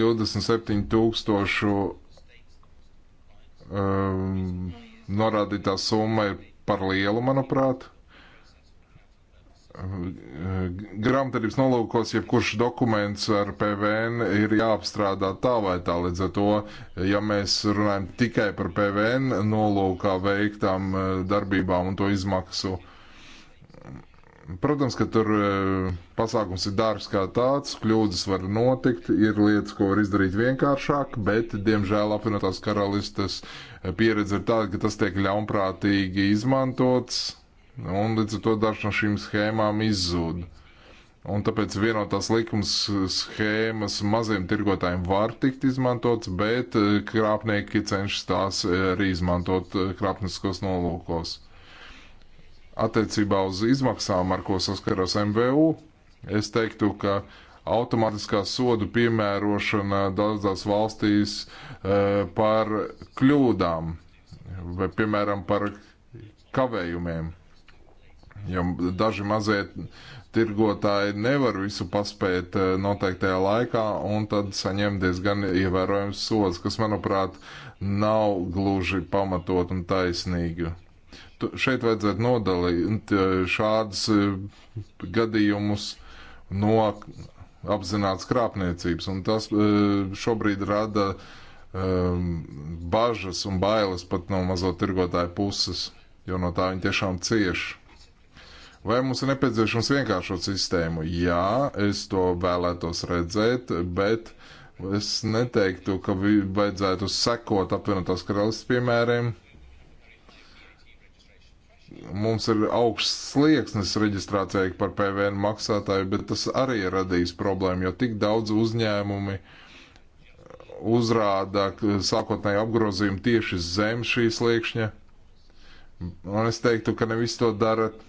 27 tūkstošu um, norādītā summa ir par lielu, manuprāt grāmatvedības nolūkos jebkurš dokuments ar PVN ir jāapstrādā tā vai tā. Līdz ar to, ja mēs runājam tikai par PVN nolūkā veiktām eh, darbībām un to izmaksu, protams, ka tur eh, pasākums ir dārgs kā tāds, kļūdas var notikt, ir lietas, ko var izdarīt vienkāršāk, bet, diemžēl, apvienotās karalistes eh, pieredze ir tāda, ka tas tiek ļaunprātīgi izmantots Un līdz ar to dažs no šīm schēmām izzūd. Un tāpēc vienotās likums schēmas maziem tirgotājiem var tikt izmantots, bet eh, krāpnieki cenšas tās eh, arī izmantot eh, krāpnieciskos nolūkos. Attiecībā uz izmaksām, ar ko saskaras MVU, es teiktu, ka automātiskā sodu piemērošana daudzās valstīs e, par kļūdām vai, piemēram, par kavējumiem. Jo daži mazie tirgotāji nevar visu paspēt eh, noteiktajā laikā un tad saņem diezgan ievērojams sods, kas, manuprāt, nav gluži pamatot un taisnīgi. Tu, šeit vajadzētu nodalīt eh, šādus eh, gadījumus no apzināts krāpniecības, un tas šobrīd rada ehm, bažas un bailes pat no mazo tirgotāju puses, jo no tā viņi tiešām cieši. Vai mums ir nepieciešams vienkāršot sistēmu? Jā, es to vēlētos redzēt, bet es neteiktu, ka vajadzētu sekot apvienotās karalistas piemēriem. Mums ir augsts slieksnis reģistrācijai par PVN maksātāju, bet tas arī radīs problēmu, jo tik daudz uzņēmumi uh, uzrāda sākotnēju apgrozījumu tieši zem šīs sliekšņa. Un es teiktu, ka nevis to darat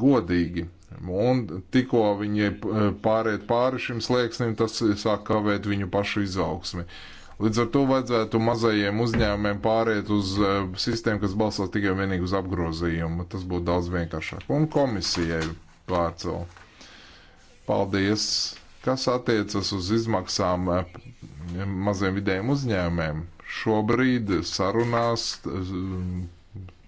godīgi. Un tikko viņi eh, pāriet pāri šim slieksnim, tas sāk kavēt viņu pašu izaugsmi. Līdz ar to vajadzētu mazajiem uzņēmumiem pāriet uz eh, sistēmu, kas balstās tikai un vienīgi uz apgrozījumu. Tas būtu daudz vienkāršāk. Un komisijai pārcel. Paldies! Kas attiecas uz izmaksām eh, maziem vidējiem uzņēmumiem? Šobrīd sarunās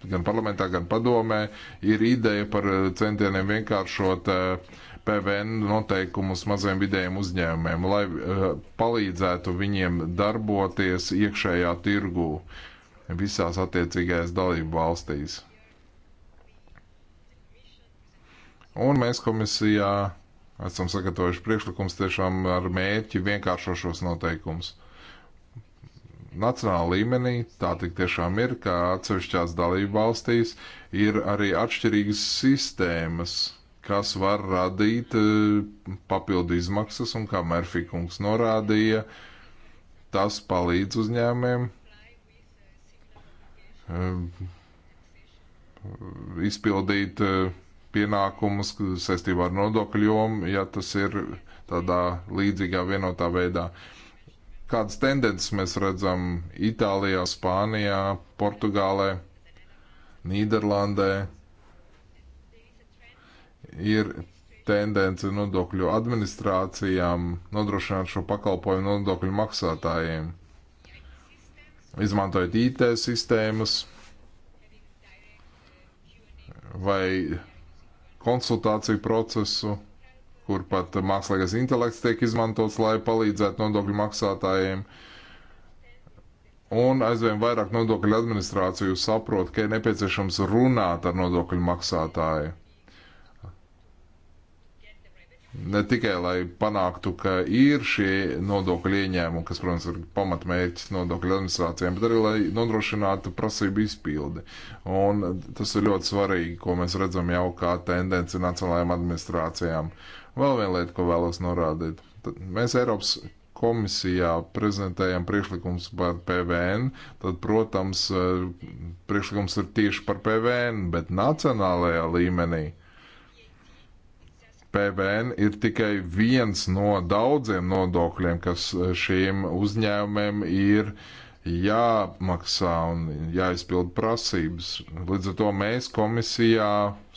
gan parlamentā, gan padomē, ir ideja par eh, centieniem vienkāršot eh, PVN noteikumus maziem vidējiem uzņēmumiem, lai eh, palīdzētu viņiem darboties iekšējā tirgū visās attiecīgajās dalību valstīs. Un mēs komisijā esam sagatavojuši priekšlikums tiešām ar mērķi vienkāršo šos noteikumus. Nacionāla līmenī tā tik tiešām ir, ka atsevišķās dalību valstīs ir arī atšķirīgas sistēmas, kas var radīt eh, papildu izmaksas, un kā Mērfikungs norādīja, tas palīdz uzņēmiem eh, izpildīt eh, pienākumus saistībā ar nodokļu jomu, ja tas ir tādā līdzīgā vienotā veidā. Uh, kādas tendences mēs redzam Itālijā, Spānijā, Portugālē, Nīderlandē. Ir tendence nodokļu administrācijām nodrošināt šo pakalpojumu nodokļu maksātājiem, izmantojot IT sistēmas vai konsultāciju procesu kur pat mākslīgais intelekts tiek izmantots, lai palīdzētu nodokļu maksātājiem. Un aizvien vairāk nodokļu administrāciju saprot, ka ir nepieciešams runāt ar nodokļu maksātāju. Ne tikai lai panāktu, ka ir šie nodokļu ieņēmumi, kas, protams, ir pamatmērķis nodokļu administrācijām, bet arī lai nodrošinātu prasību izpildi. Un tas ir ļoti svarīgi, ko mēs redzam jau kā tendenci nacionālajām administrācijām. Uh, Vēl viena lieta, ko vēlos norādīt. Tad mēs Eiropas komisijā prezentējam priekšlikums par PVN, tad, protams, eh, priekšlikums ir tieši par PVN, bet nacionālajā līmenī PVN ir tikai viens no daudziem nodokļiem, kas eh, šiem uzņēmumiem ir uh, jāmaksā un jāizpild prasības. Līdz ar to mēs komisijā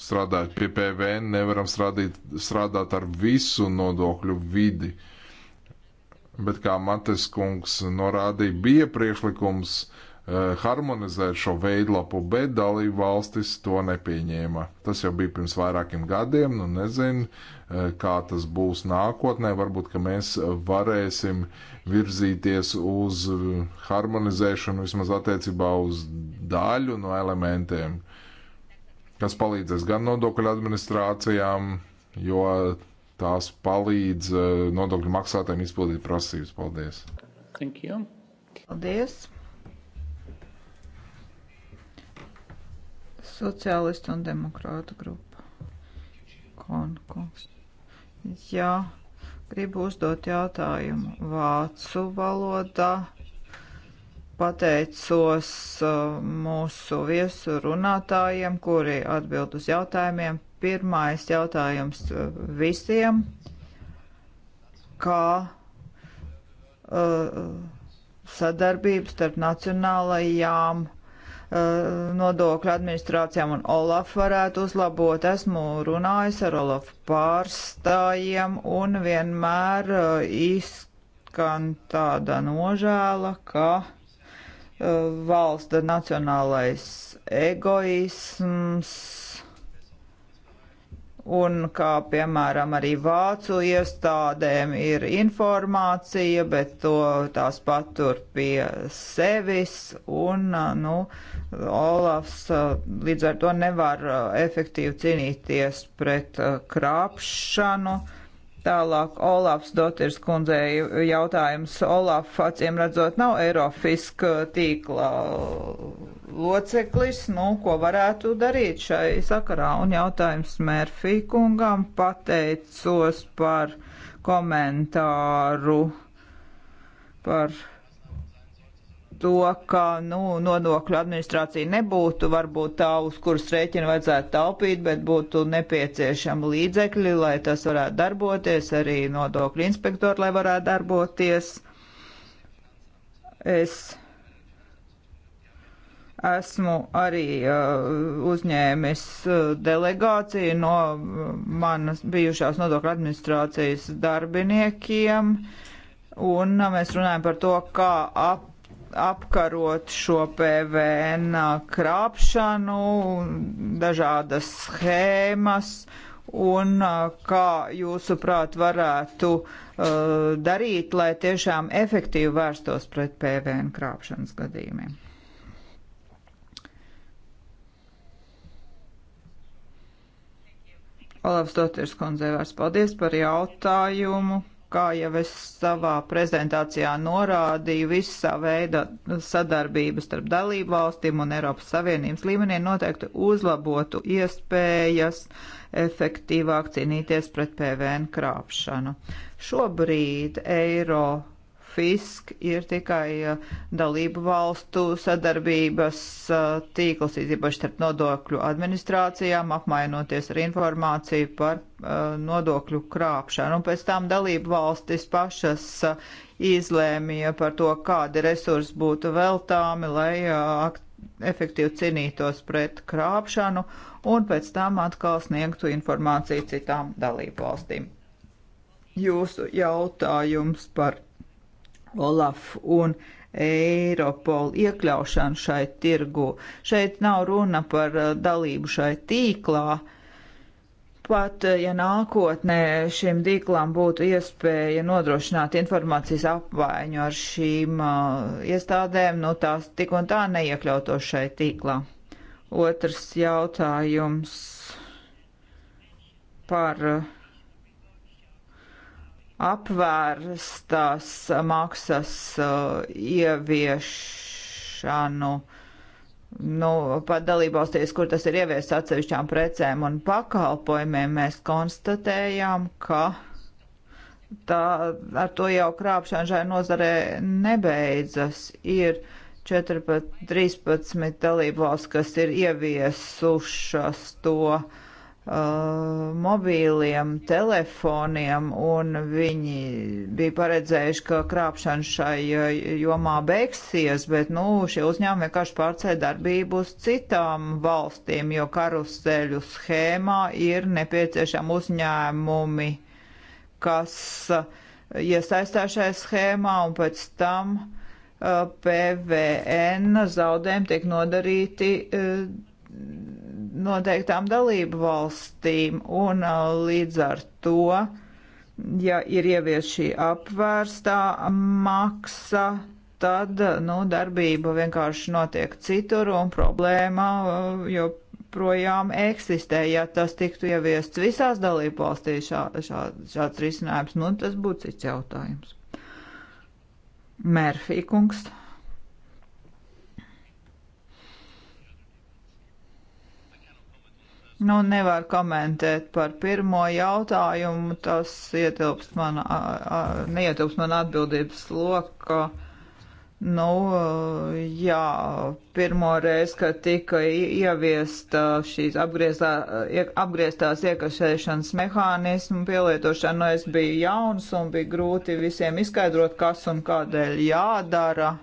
strādājot pie PVN nevaram strādīt, strādāt ar visu nodokļu vidi. Bet kā Mates kungs norādīja, bija priekšlikums eh, harmonizēt šo veidlapu, bet dalību valstis to nepieņēma. Tas jau bija pirms vairākiem gadiem, nu nezinu, Eh, kā tas būs nākotnē. Varbūt, ka mēs varēsim virzīties uz eh, harmonizēšanu vismaz attiecībā uz daļu no elementiem, kas palīdzēs gan nodokļu administrācijām, jo tās palīdz eh, nodokļu maksātājiem izpildīt prasības. Paldies! Thank you! Paldies! Sociālistu un demokrātu grupa. Konkungs. Jā, gribu uzdot jautājumu vācu valodā. Pateicos uh, mūsu viesu runātājiem, kuri atbild uz jautājumiem. Pirmais jautājums uh, visiem. Kā uh, sadarbības starp nacionālajām uh, Eh, nodokļu administrācijām un Olaf varētu uzlabot. Esmu runājis ar Olaf pārstājiem un vienmēr eh, izskan tāda nožēla, ka eh, valsts nacionālais egoisms un kā piemēram arī vācu iestādēm ir informācija, bet to tās patur pie sevis un, nu, Olafs līdz ar to nevar efektīvi cīnīties pret krāpšanu. Uh, Tālāk Olafs Dotirs kundzei jautājums. Olaf, acīm redzot, nav Eirofiska tīkla loceklis, nu, ko varētu darīt šai sakarā. Un jautājums Mērfī kungam pateicos par komentāru par to, ka nu, nodokļu administrācija nebūtu varbūt tā, uz kuras rēķina vajadzētu taupīt, bet būtu nepieciešama līdzekļi, lai tas varētu darboties, arī nodokļu inspektori, lai varētu darboties. Es esmu arī uh, uzņēmis uh, delegāciju no uh, manas bijušās nodokļu administrācijas darbiniekiem. Un uh, mēs runājam par to, kā ap apkarot šo PVN krāpšanu, dažādas schēmas un uh, kā jūsuprāt varētu uh, darīt, lai tiešām efektīvi vērstos pret PVN krāpšanas gadījumiem? Olavs Dotirs kundzei vairs paldies par jautājumu kā jau es savā prezentācijā norādīju, visā veida sadarbības starp dalību valstīm un Eiropas Savienības līmenī noteikti uzlabotu iespējas efektīvāk cīnīties pret PVN krāpšanu. Šobrīd eiro FISK ir tikai eh, dalību valstu sadarbības eh, tīkls, īpaši starp nodokļu administrācijām, apmainoties ar informāciju par eh, nodokļu krāpšanu. Un pēc tam dalību valstis pašas izlēmīja par to, kādi resursi būtu veltāmi, lai aktīvi efektīvi cīnītos pret krāpšanu un pēc tam atkal sniegtu informāciju citām dalību valstīm. Jūsu jautājums par Olaf un Eiropolu iekļaušanu šai tirgu. Šeit nav runa par uh, dalību šai tīklā. Pat uh, ja nākotnē šim tīklam būtu iespēja nodrošināt informācijas apvaiņu ar šīm uh, iestādēm, nu tās tik un tā neiekļautos šai tīklā. Otrs jautājums par uh, apvērstās maksas uh, ieviešanu. Nu, pat dalībvalstīs, kur tas ir ieviests atsevišķām precēm un pakalpojumiem, mēs konstatējām, ka tā, ar to jau krāpšana šai nozarē nebeidzas. Ir 14, 13 dalībvalsts, kas ir ieviesušas to uh, Uh, mobīliem telefoniem, un viņi bija paredzējuši, ka krāpšana šai uh, jomā beigsies, bet nu, šie uzņēmumi vienkārši pārcēla darbību uz citām valstīm, jo karuseļu schēmā ir nepieciešami uzņēmumi, kas uh, iesaistās šajā schēmā un pēc tam PVN zaudējumi tiek nodarīti noteiktām dalību valstīm, un līdz ar to, ja ir ievies šī apvērstā maksa, tad nu, darbība vienkārši notiek citur, un problēma joprojām eksistē. Ja tas tiktu ieviests visās dalību valstīs, šā, šā, šāds risinājums, nu, tas būtu cits jautājums. Mērfī kungs. Nu, nevar komentēt par pirmo jautājumu, tas ietilpst man, neietilpst man atbildības lokā. Nu, jā, pirmo reizi, kad tika ieviesta šīs apgrieztā, apgrieztās iekašēšanas mehānismu pielietošana, nu, es biju jauns un bija grūti visiem izskaidrot, kas un kādēļ jādara.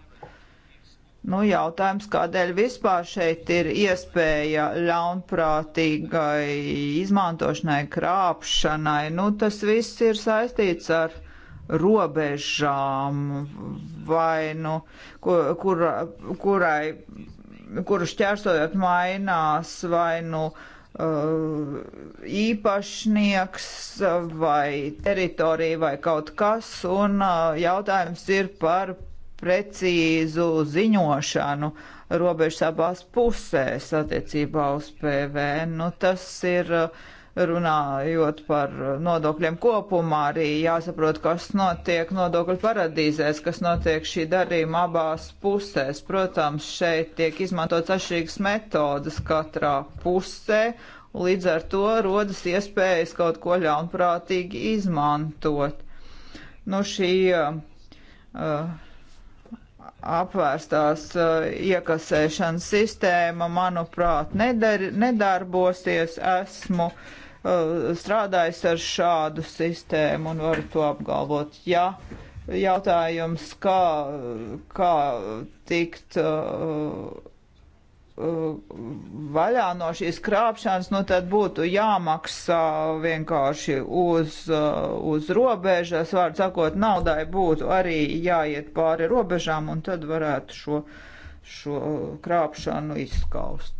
Nu, jautājums, kādēļ vispār šeit ir iespēja ļaunprātīgai izmantošanai, krāpšanai, nu, tas viss ir saistīts ar robežām vai, nu, kur, kur, kurai, kuru šķērsojot mainās vai, nu, uh, īpašnieks vai teritorija vai kaut kas, un uh, jautājums ir par precīzu ziņošanu robežas abās pusēs attiecībā uz PVN. Nu, tas ir uh, runājot par uh, nodokļiem kopumā, arī jāsaprot, kas notiek nodokļu paradīzēs, kas notiek šī darījuma abās pusēs. Protams, šeit tiek izmantots atšķirīgas metodas katrā pusē, Līdz ar to rodas iespējas kaut ko ļaunprātīgi izmantot. Nu, šī uh, uh apvērstās eh, iekasēšanas sistēma, manuprāt, nedar, nedarbosies. Esmu eh, strādājis ar šādu sistēmu un varu to apgalvot. Ja jautājums, kā, kā tikt uh, Uh, vaļā no šīs krāpšanas, nu tad būtu jāmaksā vienkārši uz, uh, uz robežas, vārds sakot, naudai būtu arī jāiet pāri robežām un tad varētu šo, šo krāpšanu izskaust.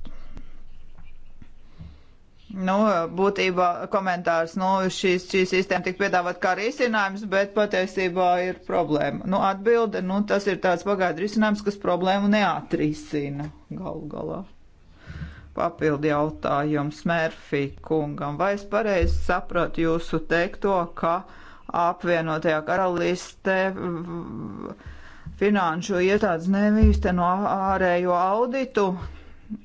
Nu, būtībā komentārs, nu, šīs, šī sistēma tik piedāvāt kā risinājums, bet patiesībā ir problēma. Nu, atbilde, nu, tas ir tāds pagaidu risinājums, kas problēmu neatrisina galu galā. Papildi jautājums Mērfī kungam. Vai es pareizi sapratu jūsu teikto, ka apvienotajā karalistē finanšu iestādes nevis te no ārējo auditu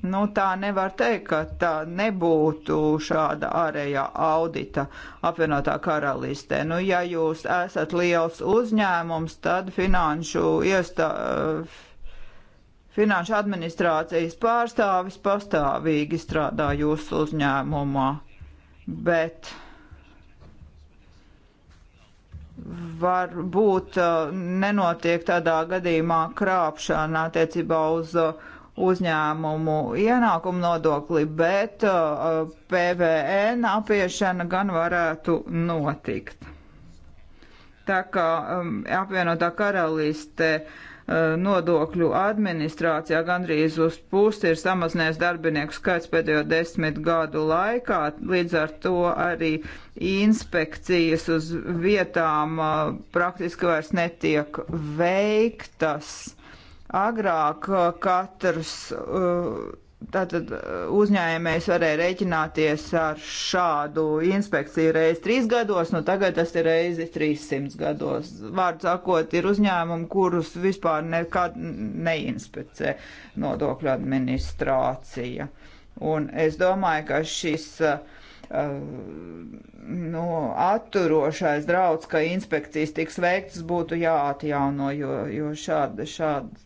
Nu, tā nevar teikt, ka tā nebūtu šāda ārējā audita apvienotā karalistē. Nu, ja jūs esat liels uzņēmums, tad finanšu iestā. Finanšu administrācijas pārstāvis pastāvīgi strādā jūsu uzņēmumā, bet varbūt uh, nenotiek tādā gadījumā krāpšana attiecībā uz uh, uzņēmumu ienākumu nodokli, bet uh, PVN apiešana gan varētu notikt. Tā kā um, apvienotā karaliste uh, nodokļu administrācijā gandrīz uz pusi ir samazinājies darbinieku skaits pēdējo desmit gadu laikā, līdz ar to arī inspekcijas uz vietām uh, praktiski vairs netiek veiktas Agrāk katrs uh, tātad, uh, uzņēmējs varēja rēķināties ar šādu inspekciju reizi trīs gados, nu tagad tas ir reizi 300 gados. Vārds sakot, ir uzņēmumi, kurus vispār nekad neinspekcē nodokļu administrācija. Un es domāju, ka šis uh, uh nu, atturošais draudz, ka inspekcijas tiks veiktas, būtu jāatjauno, jo, jo šāda, šāda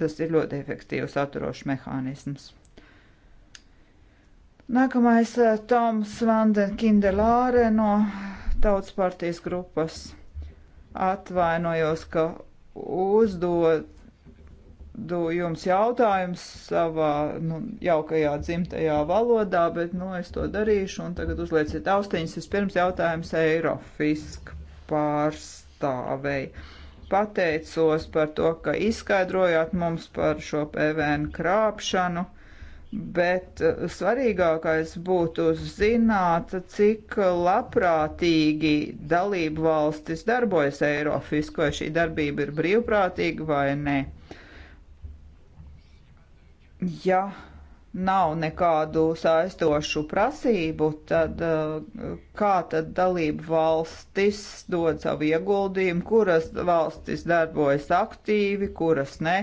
Tas ir ļoti efektīvs saturošs mehānisms. Nākamais eh, Toms Vanden Kindelāre no Tautas partijas grupas. Atvainojos, ka uzdodu jums jautājumus savā nu, jaukajā dzimtajā valodā, bet nu, es to darīšu un tagad uzlieciet austiņas. Vispirms jautājums Eirofisk pārstāvei. Uh, pateicos par to, ka izskaidrojāt mums par šo PVN krāpšanu, bet eh, svarīgākais būtu zināt, cik labprātīgi dalību valstis darbojas Eirofisko, vai šī darbība ir brīvprātīga vai nē. Ja nav nekādu saistošu prasību, tad eh, kā tad dalību valstis dod savu ieguldījumu, kuras valstis darbojas aktīvi, kuras ne.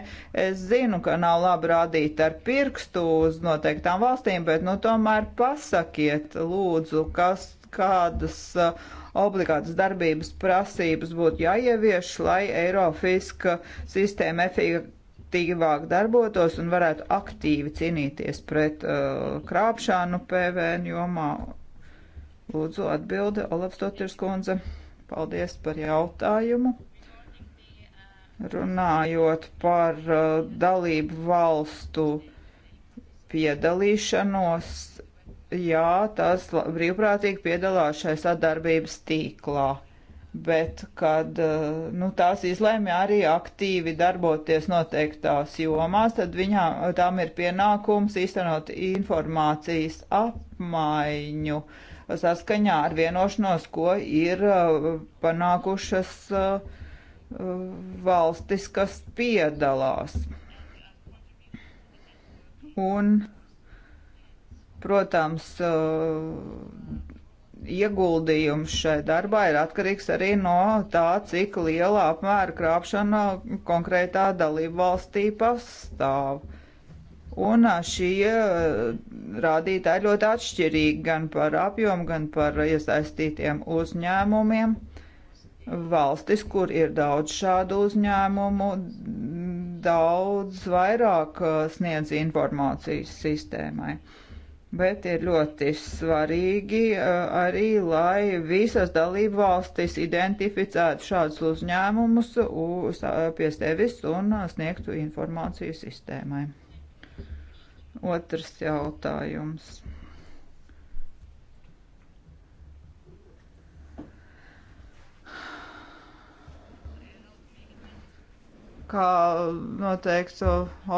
Es zinu, ka nav labi rādīt ar pirkstu uz noteiktām valstīm, bet nu tomēr pasakiet lūdzu, kas kādas eh, obligātas darbības prasības būtu jāievieš, lai Eirofiska sistēma efektīvi efektīvāk darbotos un varētu aktīvi cīnīties pret uh, krāpšanu PVN jomā? Lūdzu, atbildi Olapstotirs kundze. Paldies par jautājumu. Runājot par uh, dalību valstu piedalīšanos, jā, tas brīvprātīgi piedalās šai sadarbības tīklā bet kad eh, nu, tās izlēma arī aktīvi darboties noteiktās jomās, tad viņām, tām ir pienākums īstenot informācijas apmaiņu saskaņā ar vienošanos, ko ir eh, panākušas eh, valstis, kas piedalās. Un, protams, ieguldījums šai darbā ir atkarīgs arī no tā, cik liela apmēra krāpšana konkrētā dalību valstī pastāv. Un šie rādītāji ļoti atšķirīgi gan par apjomu, gan par iesaistītiem uzņēmumiem. Valstis, kur ir daudz šādu uzņēmumu, daudz vairāk sniedz informācijas sistēmai. Uh, bet ir ļoti svarīgi uh, arī, lai visas dalību valstis identificētu šādus uzņēmumus pie sevis un uh, sniegtu informāciju sistēmai. Otrs jautājums. Kā noteiktu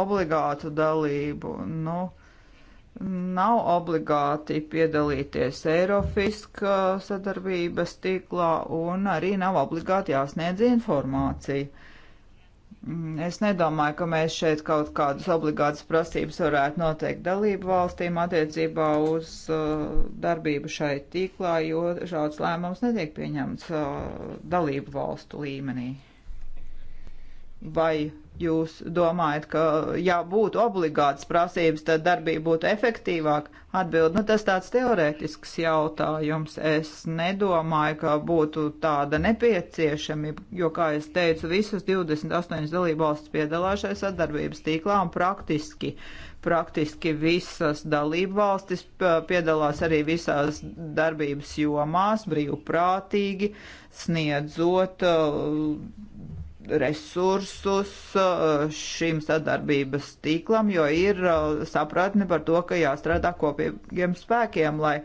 obligātu dalību? Nu, nav obligāti piedalīties Eirofiska sadarbības tīklā un arī nav obligāti jāsniedz informācija. Mm, es nedomāju, ka mēs šeit kaut kādas obligātas prasības varētu noteikt dalību valstīm attiecībā uz uh, darbību šai tīklā, jo šāds lēmums netiek pieņemts uh, dalību valstu līmenī. Vai jūs domājat, ka ja būtu obligātas prasības, tad darbība būtu efektīvāka? Atbild, nu tas tāds teorētisks jautājums. Es nedomāju, ka būtu tāda nepieciešamība, jo, kā es teicu, visas 28 dalībvalstis piedalās šajā sadarbības tīklā un praktiski. Praktiski visas dalībvalstis piedalās arī visās darbības jomās brīvprātīgi, sniedzot uh, resursus eh, šim sadarbības tīklam, jo ir eh, sapratni par to, ka jāstrādā kopīgiem spēkiem, lai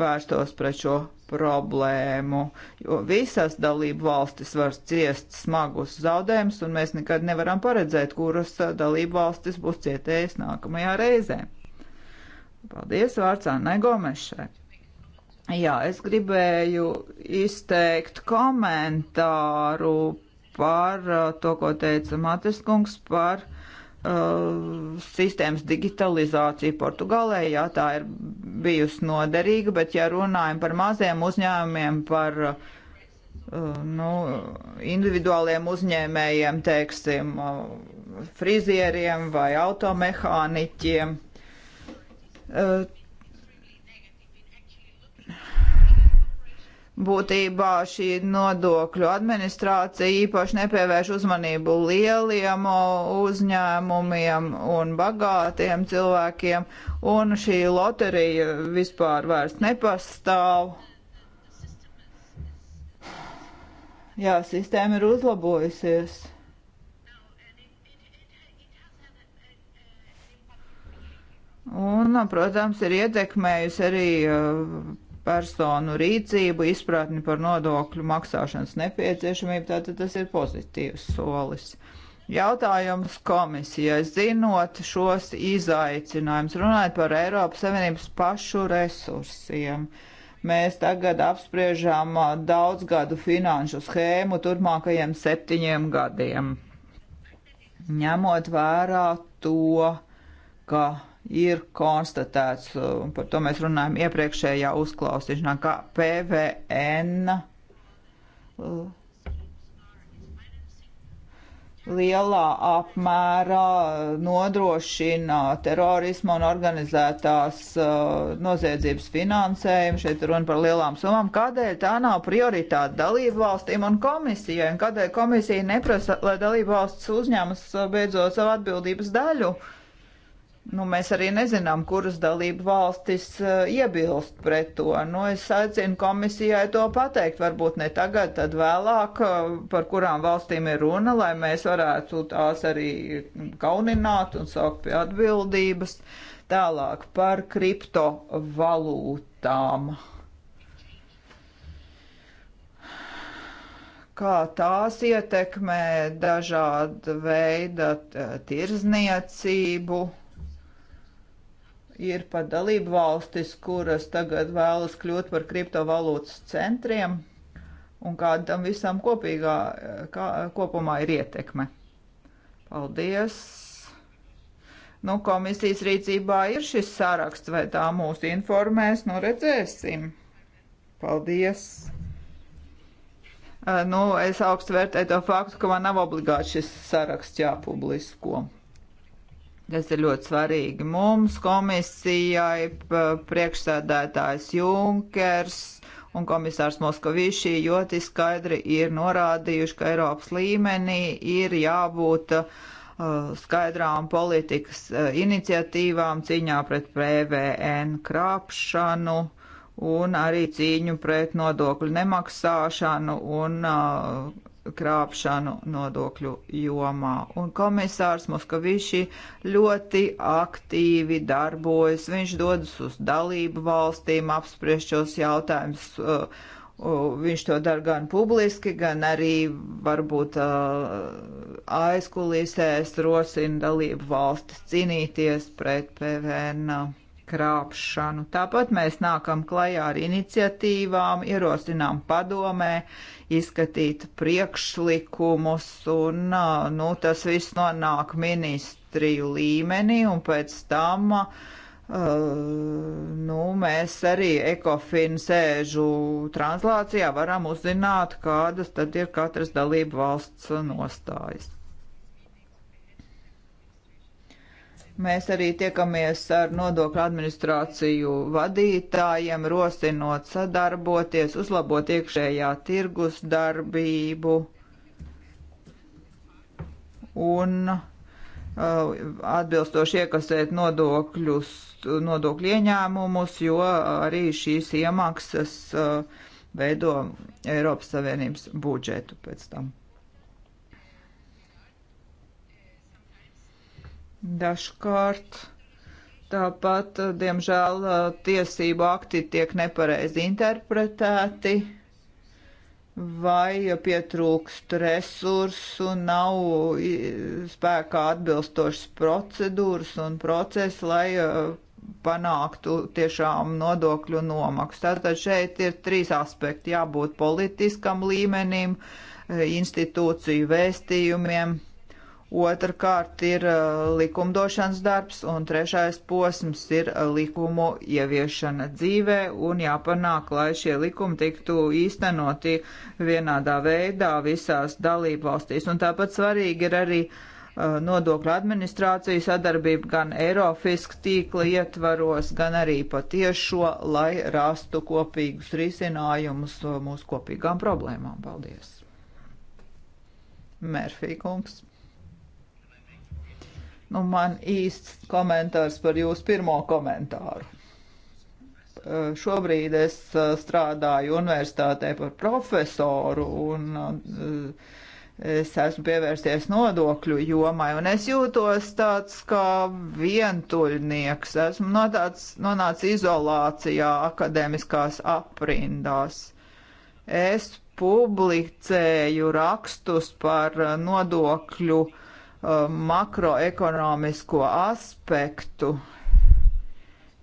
vērstos pret šo problēmu, jo visas dalību valstis var ciest smagus zaudējumus, un mēs nekad nevaram paredzēt, kuras eh, dalību valstis būs cietējas nākamajā reizē. Paldies vārds Annai Gomešai. Jā, es gribēju izteikt komentāru par uh, to, ko teica Matis kungs par uh, sistēmas digitalizāciju Portugālē. Jā, tā ir bijusi noderīga, bet ja runājam par maziem uzņēmumiem, par uh, nu, individuāliem uzņēmējiem, teiksim, uh, frizieriem vai automehāniķiem, uh, būtībā šī nodokļu administrācija īpaši nepievērš uzmanību lieliem uzņēmumiem un bagātiem cilvēkiem, un šī loterija vispār vairs nepastāv. Jā, sistēma ir uzlabojusies. Un, protams, ir ietekmējusi arī personu rīcību, izpratni par nodokļu maksāšanas nepieciešamību, tātad tas ir pozitīvs solis. Jautājums komisijai zinot šos izaicinājumus, runājot par Eiropas Savienības pašu resursiem. Mēs tagad apspriežām uh, daudzgadu finanšu schēmu turpmākajiem septiņiem gadiem. Ņemot vērā to, ka ir konstatēts, un par to mēs runājam iepriekšējā uzklausīšanā, ka PVN uh, lielā apmērā nodrošina terorismu un organizētās uh, noziedzības finansējumu. Šeit runa par lielām summām. Kādēļ tā nav prioritāte dalību valstīm un komisijai? Un kādēļ komisija neprasa, lai dalību valsts uzņēmas uh, beidzot savu atbildības daļu? Uh, Nu, mēs arī nezinām, kuras dalību valstis uh, iebilst pret to. Nu, es aicinu komisijai to pateikt, varbūt ne tagad, tad vēlāk, uh, par kurām valstīm ir runa, lai mēs varētu tās arī kaunināt un saukt pie atbildības. Tālāk par kriptovalūtām. Kā tās ietekmē dažāda veida eh, tirzniecību? ir pat dalību valstis, kuras tagad vēlas kļūt par kriptovalūtas centriem, un kāda tam visam kopīgā, kā, kopumā ir ietekme. Paldies! Nu, komisijas rīcībā ir šis saraksts, vai tā mūs informēs, nu redzēsim. Paldies! Nu, es augstu vērtēju to faktu, ka man nav obligāti šis saraksts jāpublisko. Tas ir ļoti svarīgi mums, komisijai, priekšsēdētājs Junkers un komisārs Moskavīšī ļoti skaidri ir norādījuši, ka Eiropas līmenī ir jābūt uh, skaidrām politikas uh, iniciatīvām cīņā pret PVN krāpšanu un arī cīņu pret nodokļu nemaksāšanu un uh, krāpšanu nodokļu jomā. Un komisārs Moskaviši ļoti aktīvi darbojas. Viņš dodas uz dalību valstīm apspriest šos jautājumus. Uh, uh, viņš to dara gan publiski, gan arī varbūt uh, aizkulisēs rosina dalību valstis cīnīties pret PVN krāpšanu. Tāpat mēs nākam klajā ar iniciatīvām, ierosinām padomē, izskatīt priekšlikumus, un nu, tas viss nonāk ministriju līmenī, un pēc tam uh, nu, mēs arī ekofinu sēžu translācijā varam uzzināt, kādas tad ir katras dalību valsts nostājas. Mēs arī tiekamies ar nodokļu administrāciju vadītājiem, rosinot sadarboties, uzlabot iekšējā tirgus darbību un uh, atbilstoši iekasēt nodokļus, nodokļu ieņēmumus, jo arī šīs iemaksas uh, veido Eiropas Savienības budžetu pēc tam. Dažkārt tāpat, eh, diemžēl, eh, tiesību akti tiek nepareizi interpretēti vai pietrūkst resursu, nav spēkā atbilstošas procedūras un procesi, lai eh, panāktu tiešām nodokļu nomaksu. Tātad šeit ir trīs aspekti - jābūt politiskam līmenim, institūciju vēstījumiem otrkārt ir uh, likumdošanas darbs, un trešais posms ir uh, likumu ieviešana dzīvē, un jāpanāk, lai šie likumi tiktu īstenoti vienādā veidā visās dalību valstīs. Un tāpat svarīgi ir arī uh, nodokļu administrāciju sadarbību gan Eirofisk tīkla ietvaros, gan arī patiešo, lai rastu kopīgus risinājumus mūsu kopīgām problēmām. Paldies! Mērfī kungs. Nu, man īsts komentārs par jūsu pirmo komentāru. Šobrīd es strādāju universitātē par profesoru un es esmu pievērsties nodokļu jomai un es jūtos tāds kā vientuļnieks. Esmu nonācis, nonācis izolācijā akadēmiskās aprindās. Es publicēju rakstus par nodokļu uh, Uh, makroekonomisko aspektu.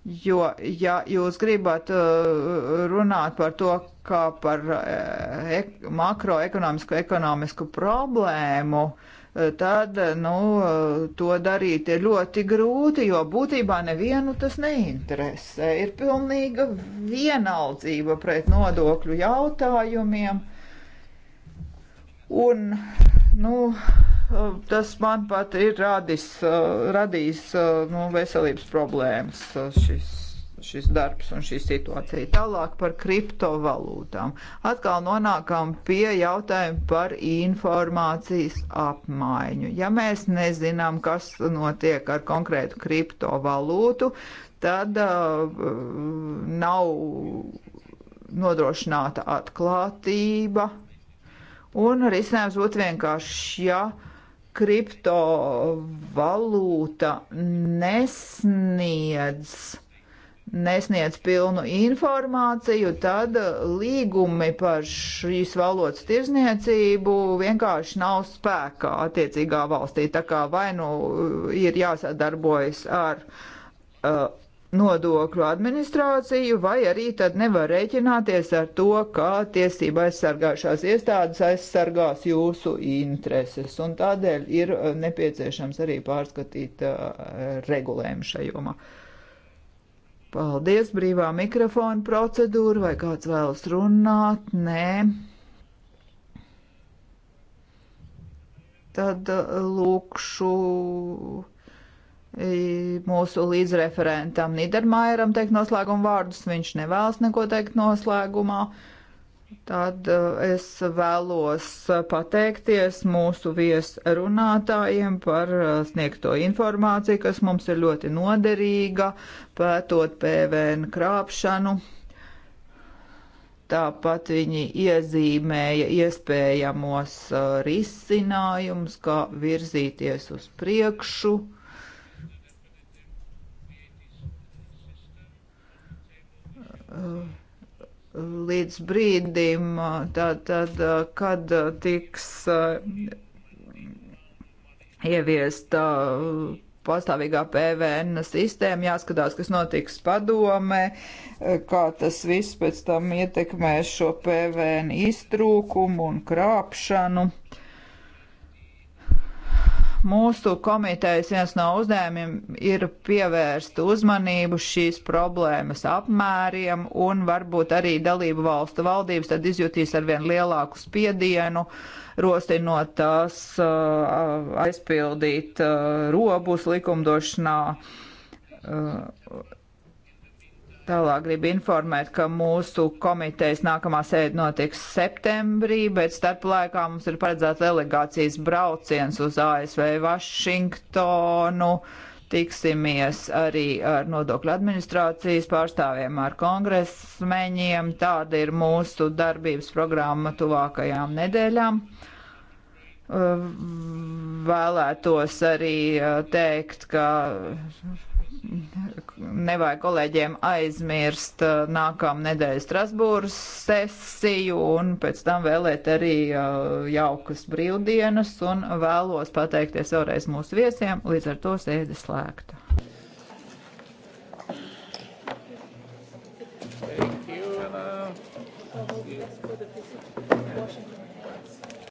Jo, ja jūs gribat uh, runāt par to, kā par uh, ek makroekonomisku ekonomisku problēmu, tad, nu, to darīt ir ļoti grūti, jo būtībā nevienu tas neinteresē. Ir pilnīga vienaldzība pret nodokļu jautājumiem. Un, nu, Eh, tas man pat ir radis, eh, radījis eh, nu, veselības problēmas šis, šis darbs un šī situācija. Tālāk par kriptovalūtām. Atkal nonākam pie jautājuma par informācijas apmaiņu. Ja mēs nezinām, kas notiek ar konkrētu kriptovalūtu, tad uh, nav nodrošināta atklātība. Un risinājums būtu vienkāršs, ja uh, kriptovalūta nesniedz nesniedz pilnu informāciju, tad līgumi par šīs valodas tirzniecību vienkārši nav spēkā attiecīgā valstī. Tā kā vai nu ir jāsadarbojas ar uh, nodokļu administrāciju, vai arī tad nevar rēķināties ar to, kā tiesība aizsargājušās iestādes aizsargās jūsu intereses. Un tādēļ ir uh, nepieciešams arī pārskatīt uh, regulējumu šajomā. Paldies, brīvā mikrofona procedūra, vai kāds vēlas runāt? Nē. Tad uh, lūkšu mūsu līdzreferentam Nidermājeram teikt noslēguma vārdus. Viņš nevēlas neko teikt noslēgumā. Tad eh, es vēlos pateikties mūsu viesrunātājiem par eh, sniegto informāciju, kas mums ir ļoti noderīga, pētot PVN krāpšanu. Tāpat viņi iezīmēja iespējamos eh, risinājumus, kā virzīties uz priekšu līdz brīdim, tātad, kad tiks ieviesta pastāvīgā PVN sistēma, jāskatās, kas notiks padomē, kā tas viss pēc tam ietekmēs šo PVN iztrūkumu un krāpšanu. Uh, mūsu komitejas viens no uzdevumiem ir pievērst uzmanību šīs problēmas apmēriem un varbūt arī dalību valstu valdības tad izjutīs arvien lielāku spiedienu, rosinot tās uh, aizpildīt uh, robus likumdošanā uh, Tālāk gribu informēt, ka mūsu komitejas nākamā sēde notiks septembrī, bet starp laikā mums ir paredzēts delegācijas brauciens uz ASV Vašingtonu. Tiksimies arī ar nodokļu administrācijas pārstāvjiem, ar kongresmeņiem. Tāda ir mūsu darbības programma tuvākajām nedēļām vēlētos arī eh, teikt, ka nevajag kolēģiem aizmirst uh, nākamā nedēļa Strasbūras sesiju un pēc tam vēlēt arī uh, jaukas brīvdienas un vēlos pateikties vēlreiz mūsu viesiem, līdz ar to sēde slēgta.